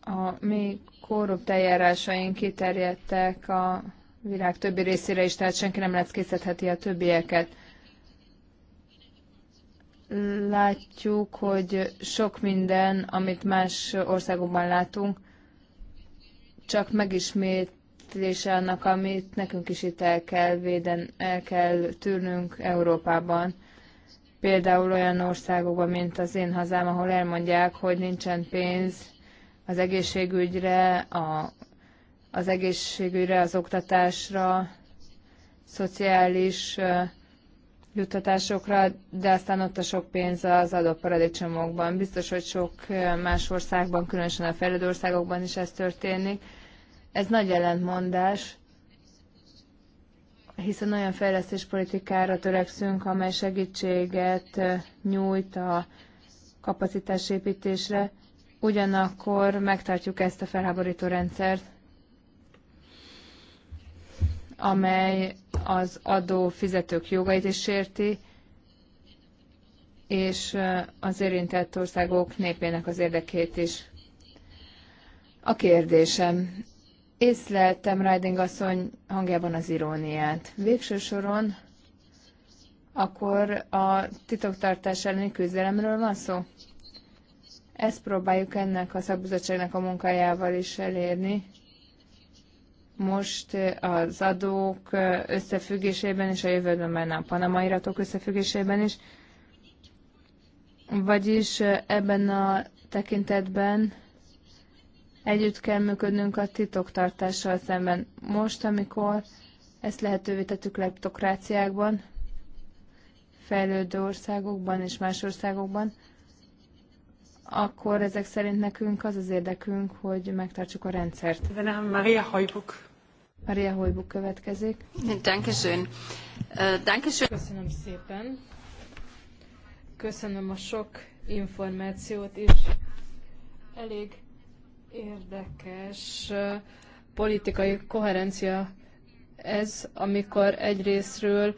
a mi korrupt eljárásaink kiterjedtek a világ többi részére is, tehát senki nem leckészetheti a többieket. Látjuk, hogy sok minden, amit más országokban látunk, csak megismétlés annak, amit nekünk is itt el kell, véden, el kell tűrnünk Európában. Például olyan országokban, mint az én hazám, ahol elmondják, hogy nincsen pénz az egészségügyre, a, az egészségügyre, az oktatásra, szociális juttatásokra, de aztán ott a sok pénz az adott paradicsomokban. Biztos, hogy sok más országban, különösen a fejlődő országokban is ez történik. Ez nagy ellentmondás, hiszen olyan fejlesztéspolitikára törekszünk, amely segítséget nyújt a kapacitásépítésre, ugyanakkor megtartjuk ezt a felháborító rendszert, amely az adó fizetők jogait is sérti, és az érintett országok népének az érdekét is. A kérdésem, Észleltem Riding asszony hangjában az iróniát. Végső soron akkor a titoktartás elleni küzdelemről van szó? Ezt próbáljuk ennek a szakbizottságnak a munkájával is elérni. Most az adók összefüggésében és a jövőben már a panama iratok összefüggésében is. Vagyis ebben a tekintetben Együtt kell működnünk a titoktartással szemben. Most, amikor ezt lehetővé tettük leptokráciákban, fejlődő országokban és más országokban, akkor ezek szerint nekünk az az érdekünk, hogy megtartsuk a rendszert. Maria Hojbuk. Maria Hojbuk következik. Dankeschön. Dankeschön. Köszönöm szépen. Köszönöm a sok információt is. Elég Érdekes politikai koherencia ez, amikor egyrésztről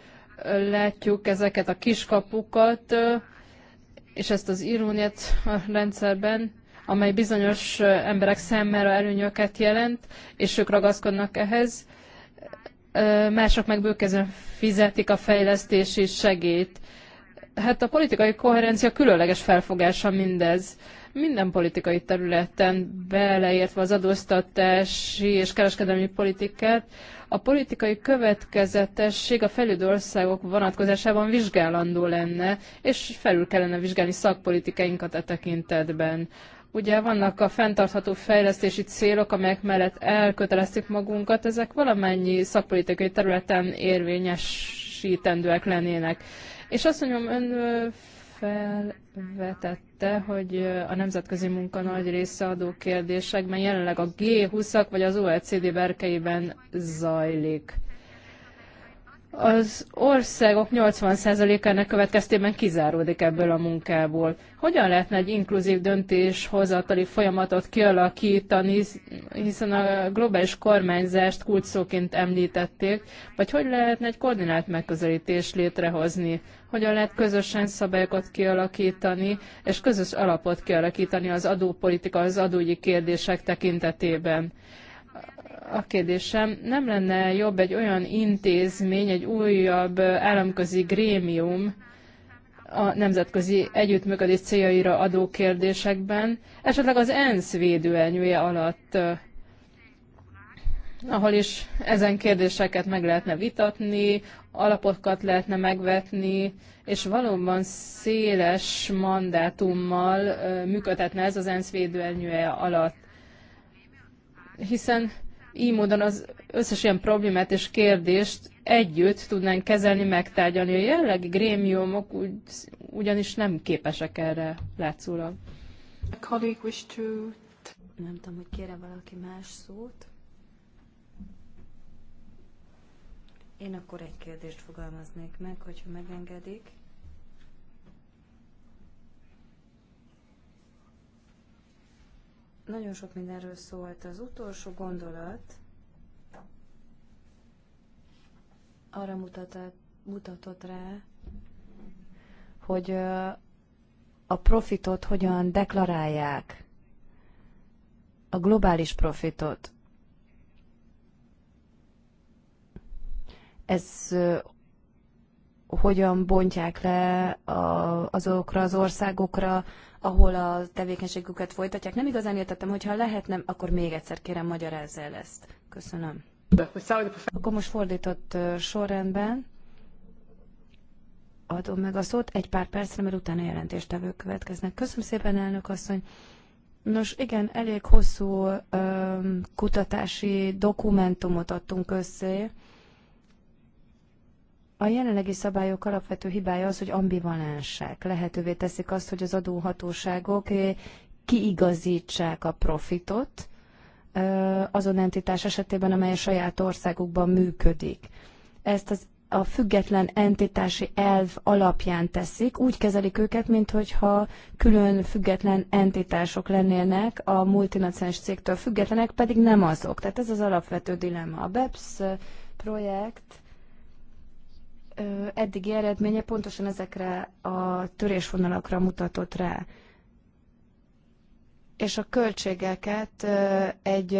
látjuk ezeket a kiskapukat, és ezt az iróniát a rendszerben, amely bizonyos emberek számára előnyöket jelent, és ők ragaszkodnak ehhez, mások meg bőkezően fizetik a fejlesztési segélyt. Hát a politikai koherencia különleges felfogása mindez. Minden politikai területen, beleértve az adóztatási és kereskedelmi politikát, a politikai következetesség a fejlődő országok vonatkozásában vizsgálandó lenne, és felül kellene vizsgálni szakpolitikáinkat e tekintetben. Ugye vannak a fenntartható fejlesztési célok, amelyek mellett elköteleztük magunkat, ezek valamennyi szakpolitikai területen érvényesítendőek lennének. És azt mondjam, ön felvetette, hogy a nemzetközi munka nagy része adó kérdésekben jelenleg a G20-ak vagy az OECD berkeiben zajlik az országok 80%-ának következtében kizáródik ebből a munkából. Hogyan lehetne egy inkluzív döntéshozatali folyamatot kialakítani, hiszen a globális kormányzást kulcsszóként említették, vagy hogy lehetne egy koordinált megközelítést létrehozni? Hogyan lehet közösen szabályokat kialakítani, és közös alapot kialakítani az adópolitika, az adóügyi kérdések tekintetében? a kérdésem, nem lenne jobb egy olyan intézmény, egy újabb államközi grémium a nemzetközi együttműködés céljaira adó kérdésekben, esetleg az ENSZ védőelnyője alatt, eh, ahol is ezen kérdéseket meg lehetne vitatni, alapokat lehetne megvetni, és valóban széles mandátummal eh, működhetne ez az ENSZ védőelnyője alatt. Hiszen így módon az összes ilyen problémát és kérdést együtt tudnánk kezelni, megtárgyalni. A jellegi grémiumok ugy, ugyanis nem képesek erre látszólag. A colleague wish to... Nem tudom, hogy kére valaki más szót. Én akkor egy kérdést fogalmaznék meg, hogyha megengedik. Nagyon sok mindenről szólt. Az utolsó gondolat arra mutatott, mutatott rá, hogy a profitot hogyan deklarálják, a globális profitot. Ez hogyan bontják le a, azokra az országokra, ahol a tevékenységüket folytatják. Nem igazán értettem, hogyha nem akkor még egyszer kérem, magyarázz el ezt. Köszönöm. Akkor most fordított sorrendben adom meg a szót egy pár percre, mert utána jelentéstevők következnek. Köszönöm szépen, elnök asszony. Nos, igen, elég hosszú ö, kutatási dokumentumot adtunk össze, a jelenlegi szabályok alapvető hibája az, hogy ambivalensek. Lehetővé teszik azt, hogy az adóhatóságok eh, kiigazítsák a profitot eh, azon entitás esetében, amely a saját országukban működik. Ezt az a független entitási elv alapján teszik, úgy kezelik őket, mintha külön független entitások lennének, a multinacionális cégtől függetlenek, pedig nem azok. Tehát ez az alapvető dilemma. A BEPS eh, projekt eddigi eredménye pontosan ezekre a törésvonalakra mutatott rá. És a költségeket egy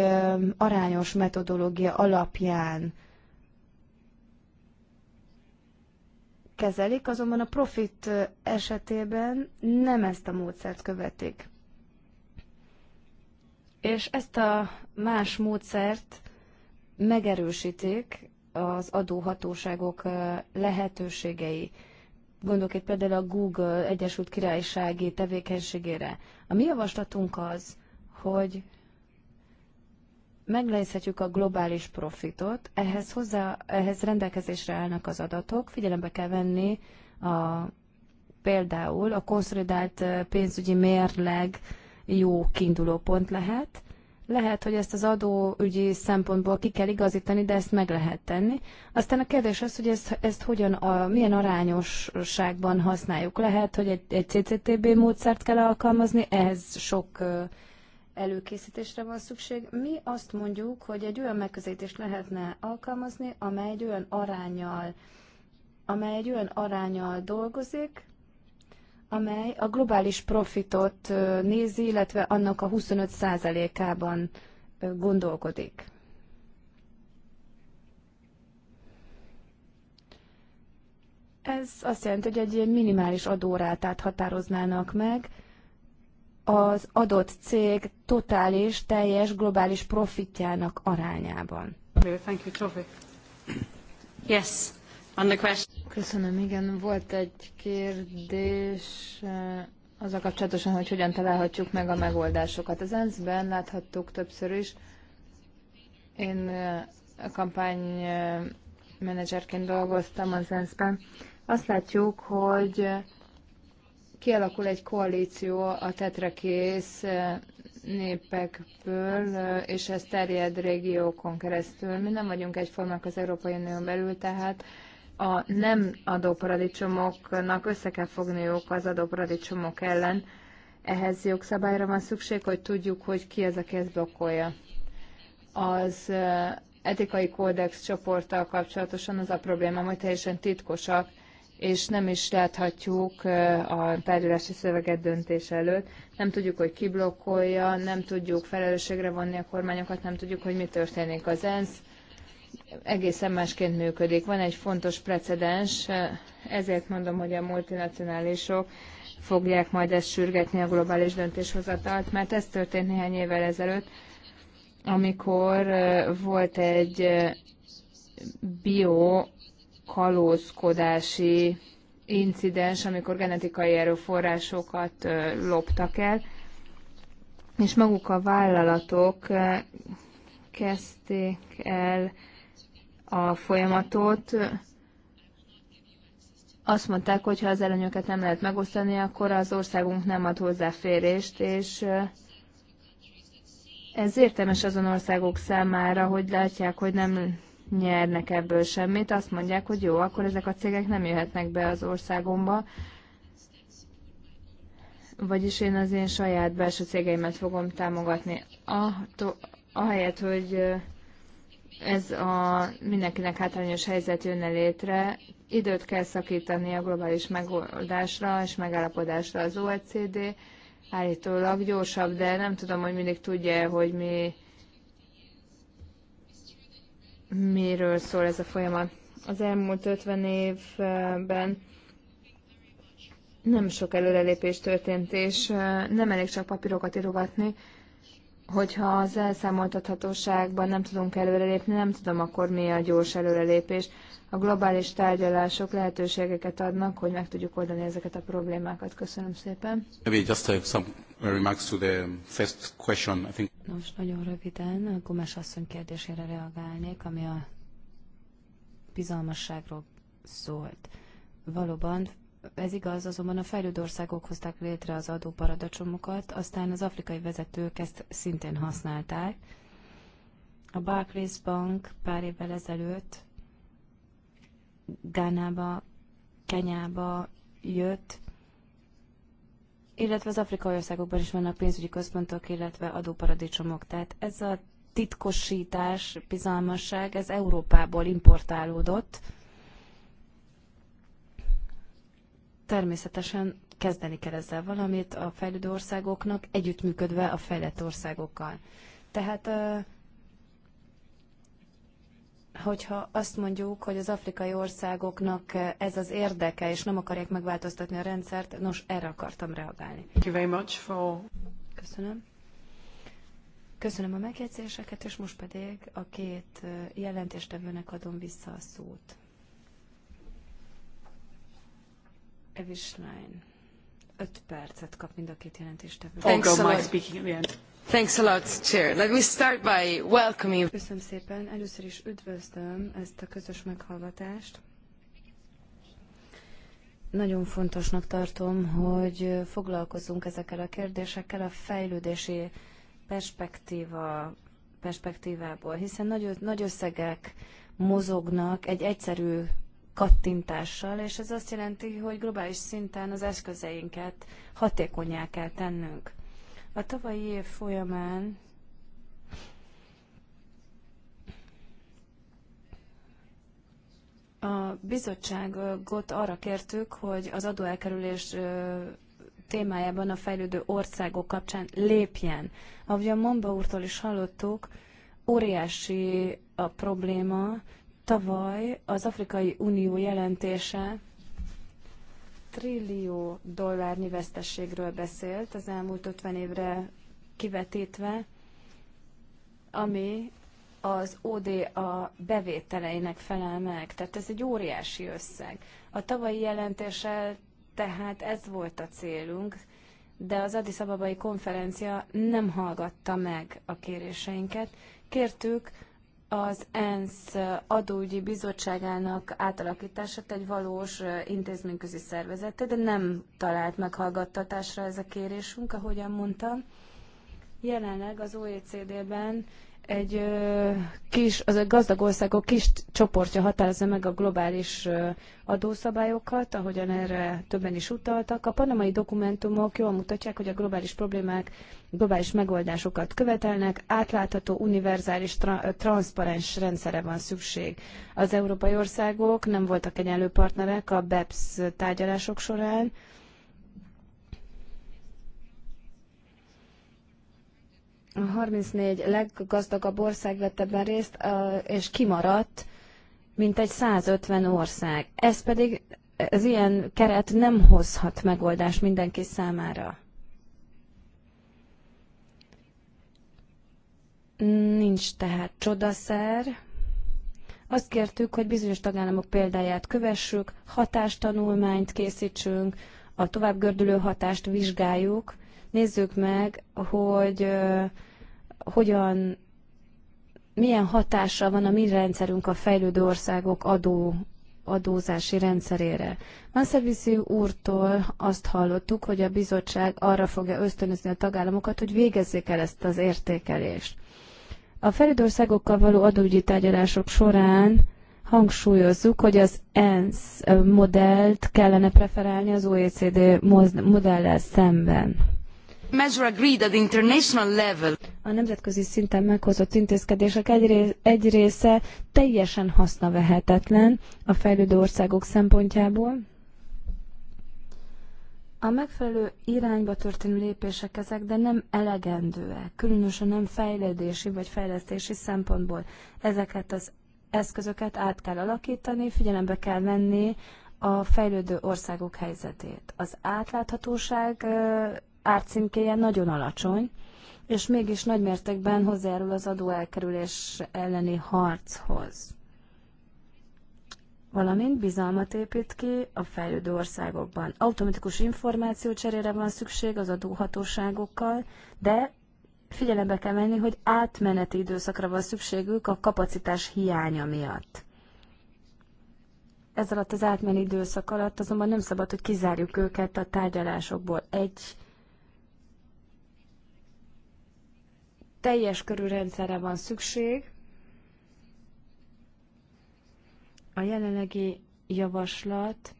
arányos metodológia alapján kezelik, azonban a profit esetében nem ezt a módszert követik. És ezt a más módszert megerősítik az adóhatóságok lehetőségei. Gondolok itt például a Google Egyesült Királysági tevékenységére. A mi javaslatunk az, hogy meglejzhetjük a globális profitot, ehhez, hozzá, ehhez rendelkezésre állnak az adatok, figyelembe kell venni a, például a konszolidált pénzügyi mérleg jó kiinduló pont lehet, lehet, hogy ezt az adóügyi szempontból ki kell igazítani, de ezt meg lehet tenni. Aztán a kérdés az, hogy ezt, ezt hogyan, a, milyen arányosságban használjuk. Lehet, hogy egy, egy CCTB módszert kell alkalmazni, ehhez sok előkészítésre van szükség. Mi azt mondjuk, hogy egy olyan megközelítést lehetne alkalmazni, amely egy olyan arányal, amely egy olyan arányal dolgozik, amely a globális profitot nézi, illetve annak a 25%-ában gondolkodik. Ez azt jelenti, hogy egy ilyen minimális adórátát határoznának meg, az adott cég totális, teljes globális profitjának arányában. Thank you, Yes, on the question. Köszönöm, igen. Volt egy kérdés eh, az a kapcsolatosan, hogy hogyan találhatjuk meg a megoldásokat. Az ENSZ-ben láthattuk többször is. Én eh, a kampány eh, menedzserként dolgoztam az ENSZ-ben. Azt látjuk, hogy kialakul egy koalíció a tetrekész népekből, és ez terjed régiókon keresztül. Mi nem vagyunk egyformák az Európai Unión belül, tehát a nem adóparadicsomoknak össze kell fogniuk az adóparadicsomok ellen. Ehhez jogszabályra van szükség, hogy tudjuk, hogy ki az, aki ezt blokkolja. Az etikai kódex csoporttal kapcsolatosan az a probléma, hogy teljesen titkosak, és nem is láthatjuk a tárgyalási szöveget döntés előtt. Nem tudjuk, hogy ki blokkolja, nem tudjuk felelősségre vonni a kormányokat, nem tudjuk, hogy mi történik az ENSZ egészen másként működik. Van egy fontos precedens, ezért mondom, hogy a multinacionálisok fogják majd ezt sürgetni a globális döntéshozatalt, mert ez történt néhány évvel ezelőtt, amikor volt egy biokalózkodási incidens, amikor genetikai erőforrásokat loptak el, és maguk a vállalatok kezdték el a folyamatot. Azt mondták, hogy ha az előnyöket nem lehet megosztani, akkor az országunk nem ad hozzáférést, és eh, ez értemes azon országok számára, hogy látják, hogy nem nyernek ebből semmit, azt mondják, hogy jó, akkor ezek a cégek nem jöhetnek be az országomba, vagyis én az én saját belső cégeimet fogom támogatni. A, ahelyett, hogy eh, ez a mindenkinek hátrányos helyzet jönne létre, időt kell szakítani a globális megoldásra és megállapodásra az OECD, állítólag gyorsabb, de nem tudom, hogy mindig tudja, hogy mi, miről szól ez a folyamat. Az elmúlt 50 évben nem sok előrelépés történt, és nem elég csak papírokat írogatni, hogyha az elszámoltathatóságban nem tudunk előrelépni, nem tudom akkor mi a gyors előrelépés. A globális tárgyalások lehetőségeket adnak, hogy meg tudjuk oldani ezeket a problémákat. Köszönöm szépen. Nos, nagyon röviden a Gomes asszony kérdésére reagálnék, ami a bizalmasságról szólt. Valóban ez igaz, azonban a fejlődő országok hozták létre az adóparadacsomokat, aztán az afrikai vezetők ezt szintén használták. A Barclays Bank pár évvel ezelőtt Gánába, Kenyába jött, illetve az afrikai országokban is vannak pénzügyi központok, illetve adóparadicsomok. Tehát ez a titkosítás, bizalmasság, ez Európából importálódott, Természetesen kezdeni kell ezzel valamit a fejlődő országoknak, együttműködve a fejlett országokkal. Tehát hogyha azt mondjuk, hogy az afrikai országoknak ez az érdeke, és nem akarják megváltoztatni a rendszert, nos, erre akartam reagálni. Thank you very much for... Köszönöm. Köszönöm a megjegyzéseket, és most pedig a két jelentéstevőnek adom vissza a szót. Evish Line. Öt percet kap mind a két jelentéstevő. Thanks a lot. Speaking at the end. Thanks a lot, Chair. Let me start by welcoming. Köszönöm szépen. Először is üdvözlöm ezt a közös meghallgatást. Nagyon fontosnak tartom, hogy foglalkozzunk ezekkel a kérdésekkel a fejlődési perspektíva, perspektívából, hiszen nagy, nagy összegek mozognak egy egyszerű kattintással, és ez azt jelenti, hogy globális szinten az eszközeinket hatékonyá kell tennünk. A tavalyi év folyamán a bizottságot arra kértük, hogy az adóelkerülés témájában a fejlődő országok kapcsán lépjen. Ahogy a Momba úrtól is hallottuk, óriási a probléma, Tavaly az Afrikai Unió jelentése trillió dollárnyi vesztességről beszélt az elmúlt 50 évre kivetítve, ami az ODA bevételeinek felel meg. Tehát ez egy óriási összeg. A tavalyi jelentéssel tehát ez volt a célunk, de az Addis Ababai konferencia nem hallgatta meg a kéréseinket. Kértük, az ENSZ adóügyi bizottságának átalakítását egy valós intézményközi szervezete, de nem talált meghallgattatásra ez a kérésünk, ahogyan mondtam. Jelenleg az OECD-ben egy kis, az a gazdag országok kis csoportja határozza meg a globális adószabályokat, ahogyan erre többen is utaltak. A panamai dokumentumok jól mutatják, hogy a globális problémák globális megoldásokat követelnek, átlátható, univerzális, tra- transzparens rendszere van szükség. Az európai országok nem voltak egyenlő partnerek a BEPS tárgyalások során, A 34 leggazdagabb ország vett ebben részt, és kimaradt mint egy 150 ország. Ez pedig, az ilyen keret nem hozhat megoldást mindenki számára. Nincs tehát csodaszer. Azt kértük, hogy bizonyos tagállamok példáját kövessük, hatástanulmányt készítsünk, a továbbgördülő hatást vizsgáljuk, Nézzük meg, hogy hogyan, milyen hatása van a mi rendszerünk a fejlődő országok adó adózási rendszerére. Manszervizi úrtól azt hallottuk, hogy a bizottság arra fogja ösztönözni a tagállamokat, hogy végezzék el ezt az értékelést. A fejlődő országokkal való adóügyi tárgyalások során hangsúlyozzuk, hogy az ENSZ modellt kellene preferálni az OECD modellel szemben measure agreed at international level. A nemzetközi szinten meghozott intézkedések egy, egy része teljesen hasznavehetetlen a fejlődő országok szempontjából. A megfelelő irányba történő lépések ezek, de nem elegendőek, különösen nem fejlődési vagy fejlesztési szempontból. Ezeket az eszközöket át kell alakítani, figyelembe kell venni a fejlődő országok helyzetét. Az átláthatóság árcímkéje nagyon alacsony, és mégis nagy mértékben hozzájárul az adóelkerülés elleni harchoz. Valamint bizalmat épít ki a fejlődő országokban. Automatikus információcserére van szükség az adóhatóságokkal, de figyelembe kell venni, hogy átmeneti időszakra van szükségük a kapacitás hiánya miatt. Ez alatt az átmeneti időszak alatt azonban nem szabad, hogy kizárjuk őket a tárgyalásokból. Egy teljes körű rendszerre van szükség. A jelenlegi javaslat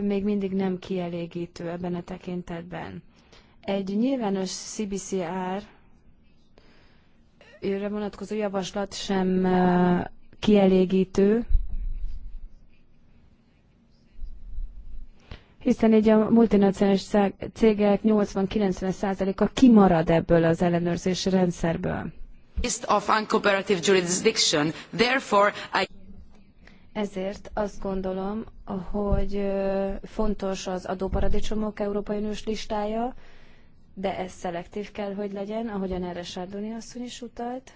még mindig nem kielégítő ebben a tekintetben. Egy nyilvános CBCR őre vonatkozó javaslat sem kielégítő, hiszen így a multinacionális cégek 80-90%-a kimarad ebből az ellenőrzési rendszerből. Ezért azt gondolom, hogy fontos az adóparadicsomok Európai Uniós listája, de ez szelektív kell, hogy legyen, ahogyan erre Sárdoni asszony is utalt.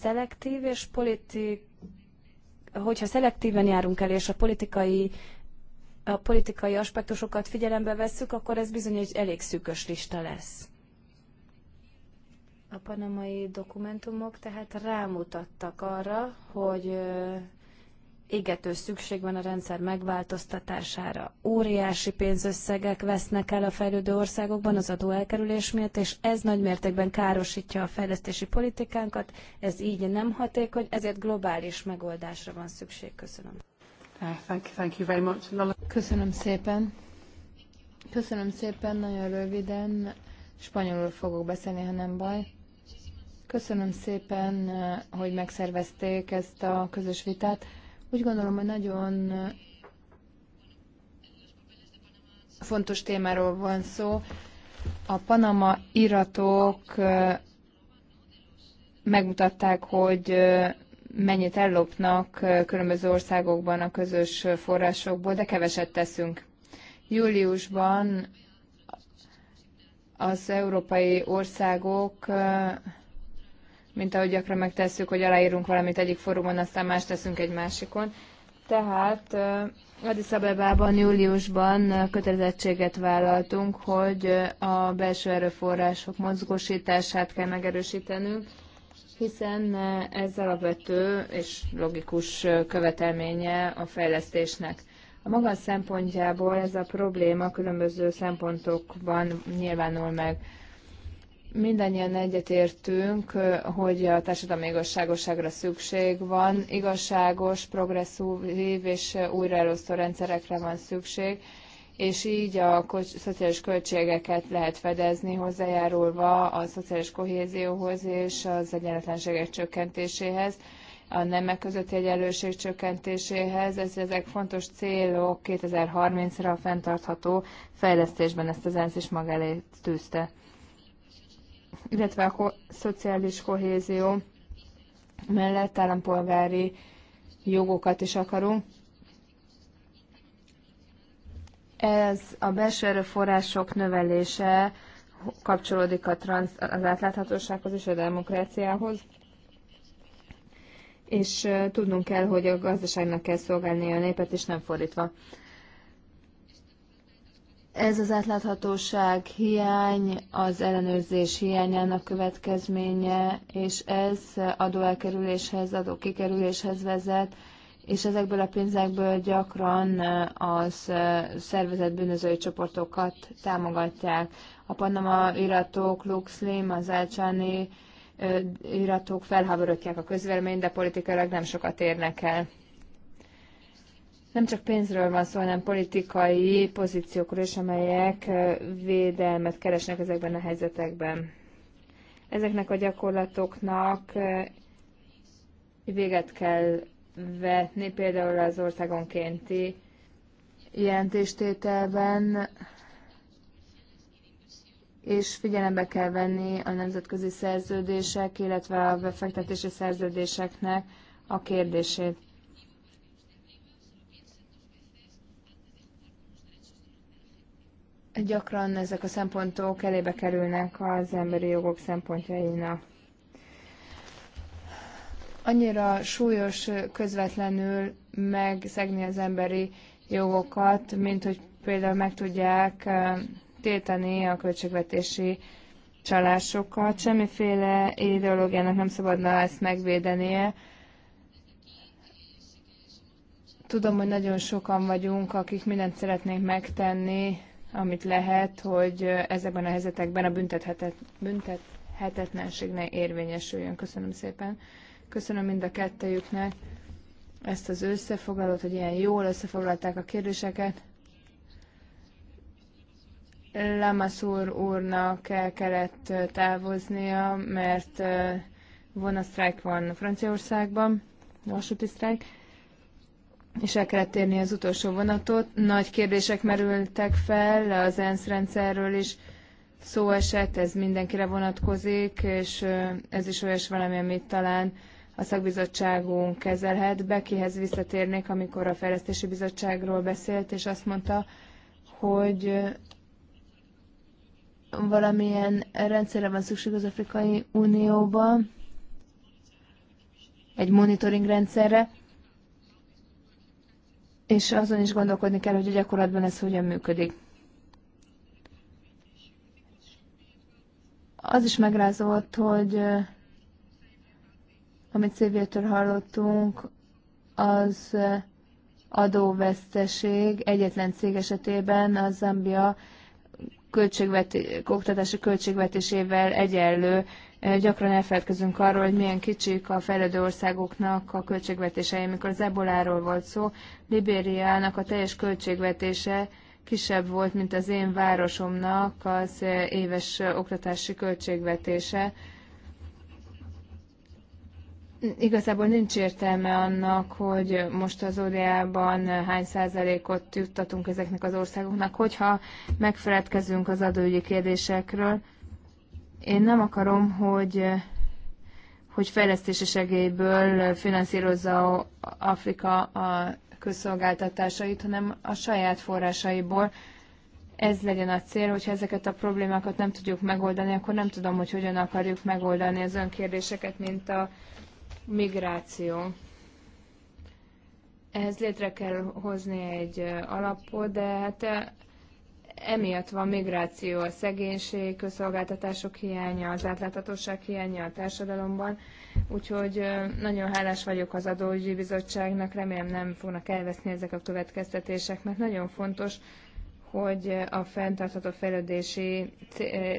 Szelektív és politik... Hogyha szelektíven járunk el, és a politikai a politikai aspektusokat figyelembe vesszük, akkor ez bizony egy elég szűkös lista lesz. A panamai dokumentumok tehát rámutattak arra, hogy égető szükség van a rendszer megváltoztatására. Óriási pénzösszegek vesznek el a fejlődő országokban az adóelkerülés miatt, és ez nagy mértékben károsítja a fejlesztési politikánkat, ez így nem hatékony, ezért globális megoldásra van szükség. Köszönöm. Uh, thank, thank you very much. Lola. Köszönöm szépen. Köszönöm szépen, nagyon röviden. Spanyolul fogok beszélni, ha nem baj. Köszönöm szépen, uh, hogy megszervezték ezt a közös vitát. Úgy gondolom, hogy nagyon uh, fontos témáról van szó. A Panama iratok megmutatták, hogy mennyit ellopnak különböző országokban a közös forrásokból, de keveset teszünk. Júliusban az európai országok, mint ahogy gyakran megtesszük, hogy aláírunk valamit egyik fórumon, aztán más teszünk egy másikon. Tehát Addis Abebában júliusban kötelezettséget vállaltunk, hogy a belső erőforrások mozgósítását kell megerősítenünk, hiszen eh, ez alapvető és logikus eh, követelménye a fejlesztésnek. A maga szempontjából ez a probléma különböző szempontokban nyilvánul meg. Mindannyian egyetértünk, eh, hogy a társadalmi igazságosságra szükség van, igazságos, progresszív és újraelosztó rendszerekre van szükség, és így a szociális költségeket lehet fedezni, hozzájárulva a szociális kohézióhoz és az egyenletlenségek csökkentéséhez, a nemek közötti egyenlőség csökkentéséhez. Ez, ezek fontos célok 2030-ra fenntartható fejlesztésben ezt az ENSZ is mag elé tűzte. Illetve a ko- szociális kohézió mellett állampolgári jogokat is akarunk, ez a belső erőforrások növelése kapcsolódik a transz, az átláthatósághoz és a demokráciához, és tudnunk kell, hogy a gazdaságnak kell szolgálni a népet, és nem fordítva. Ez az átláthatóság hiány, az ellenőrzés hiányának következménye, és ez adóelkerüléshez, adókikerüléshez vezet, és ezekből a pénzekből gyakran az szervezett bűnözői csoportokat támogatják. A Panama iratok, LuxLim, az Elcsáni iratok felháborítják a közvéleményt, de politikailag nem sokat érnek el. Nem csak pénzről van szó, hanem politikai pozíciókról is, amelyek védelmet keresnek ezekben a helyzetekben. Ezeknek a gyakorlatoknak véget kell vetni, például az országonkénti jelentéstételben, és figyelembe kell venni a nemzetközi szerződések, illetve a befektetési szerződéseknek a kérdését. Gyakran ezek a szempontok elébe kerülnek az emberi jogok szempontjainak annyira súlyos közvetlenül megszegni az emberi jogokat, mint hogy például meg tudják tiltani a költségvetési csalásokat. Semmiféle ideológiának nem szabadna ezt megvédenie. Tudom, hogy nagyon sokan vagyunk, akik mindent szeretnénk megtenni, amit lehet, hogy ezekben a helyzetekben a büntethetet, büntethetetlenség ne érvényesüljön. Köszönöm szépen. Köszönöm mind a kettőjüknek ezt az összefoglalót, hogy ilyen jól összefoglalták a kérdéseket. Lamaszúr úrnak el kellett távoznia, mert vonasztrájk van Franciaországban, vasúti sztrájk, és el kellett érni az utolsó vonatot. Nagy kérdések merültek fel, az ENSZ rendszerről is szó esett, ez mindenkire vonatkozik, és ez is olyas valami, amit talán a szakbizottságunk kezelhet. Bekihez visszatérnék, amikor a Fejlesztési Bizottságról beszélt, és azt mondta, hogy valamilyen rendszerre van szükség az Afrikai Unióban, egy monitoring rendszerre, és azon is gondolkodni kell, hogy a gyakorlatban ez hogyan működik. Az is megrázott, hogy amit Szilviától hallottunk, az adóveszteség egyetlen cég esetében a Zambia költségveti, oktatási költségvetésével egyenlő. Gyakran elfelelkezünk arról, hogy milyen kicsik a fejlődő országoknak a költségvetései. Mikor az eboláról volt szó, Libériának a teljes költségvetése kisebb volt, mint az én városomnak az éves oktatási költségvetése igazából nincs értelme annak, hogy most az ODA-ban hány százalékot juttatunk ezeknek az országoknak, hogyha megfeledkezünk az adóügyi kérdésekről. Én nem akarom, hogy hogy fejlesztési segélyből finanszírozza Afrika a közszolgáltatásait, hanem a saját forrásaiból. Ez legyen a cél, hogyha ezeket a problémákat nem tudjuk megoldani, akkor nem tudom, hogy hogyan akarjuk megoldani az önkérdéseket, mint a migráció. Ehhez létre kell hozni egy alapot, de hát emiatt van migráció, a szegénység, közszolgáltatások hiánya, az átláthatóság hiánya a társadalomban, úgyhogy nagyon hálás vagyok az adóügyi bizottságnak, remélem nem fognak elveszni ezek a következtetések, mert nagyon fontos, hogy a fenntartható fejlődési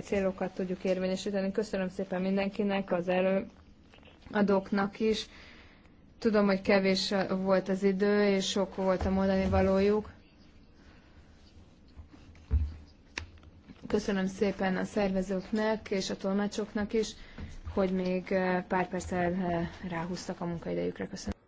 célokat tudjuk érvényesíteni. Köszönöm szépen mindenkinek az elő adoknak is. Tudom, hogy kevés volt az idő, és sok volt a mondani valójuk. Köszönöm szépen a szervezőknek és a tolmácsoknak is, hogy még pár perccel eh, ráhúztak a munkaidejükre. Köszönöm.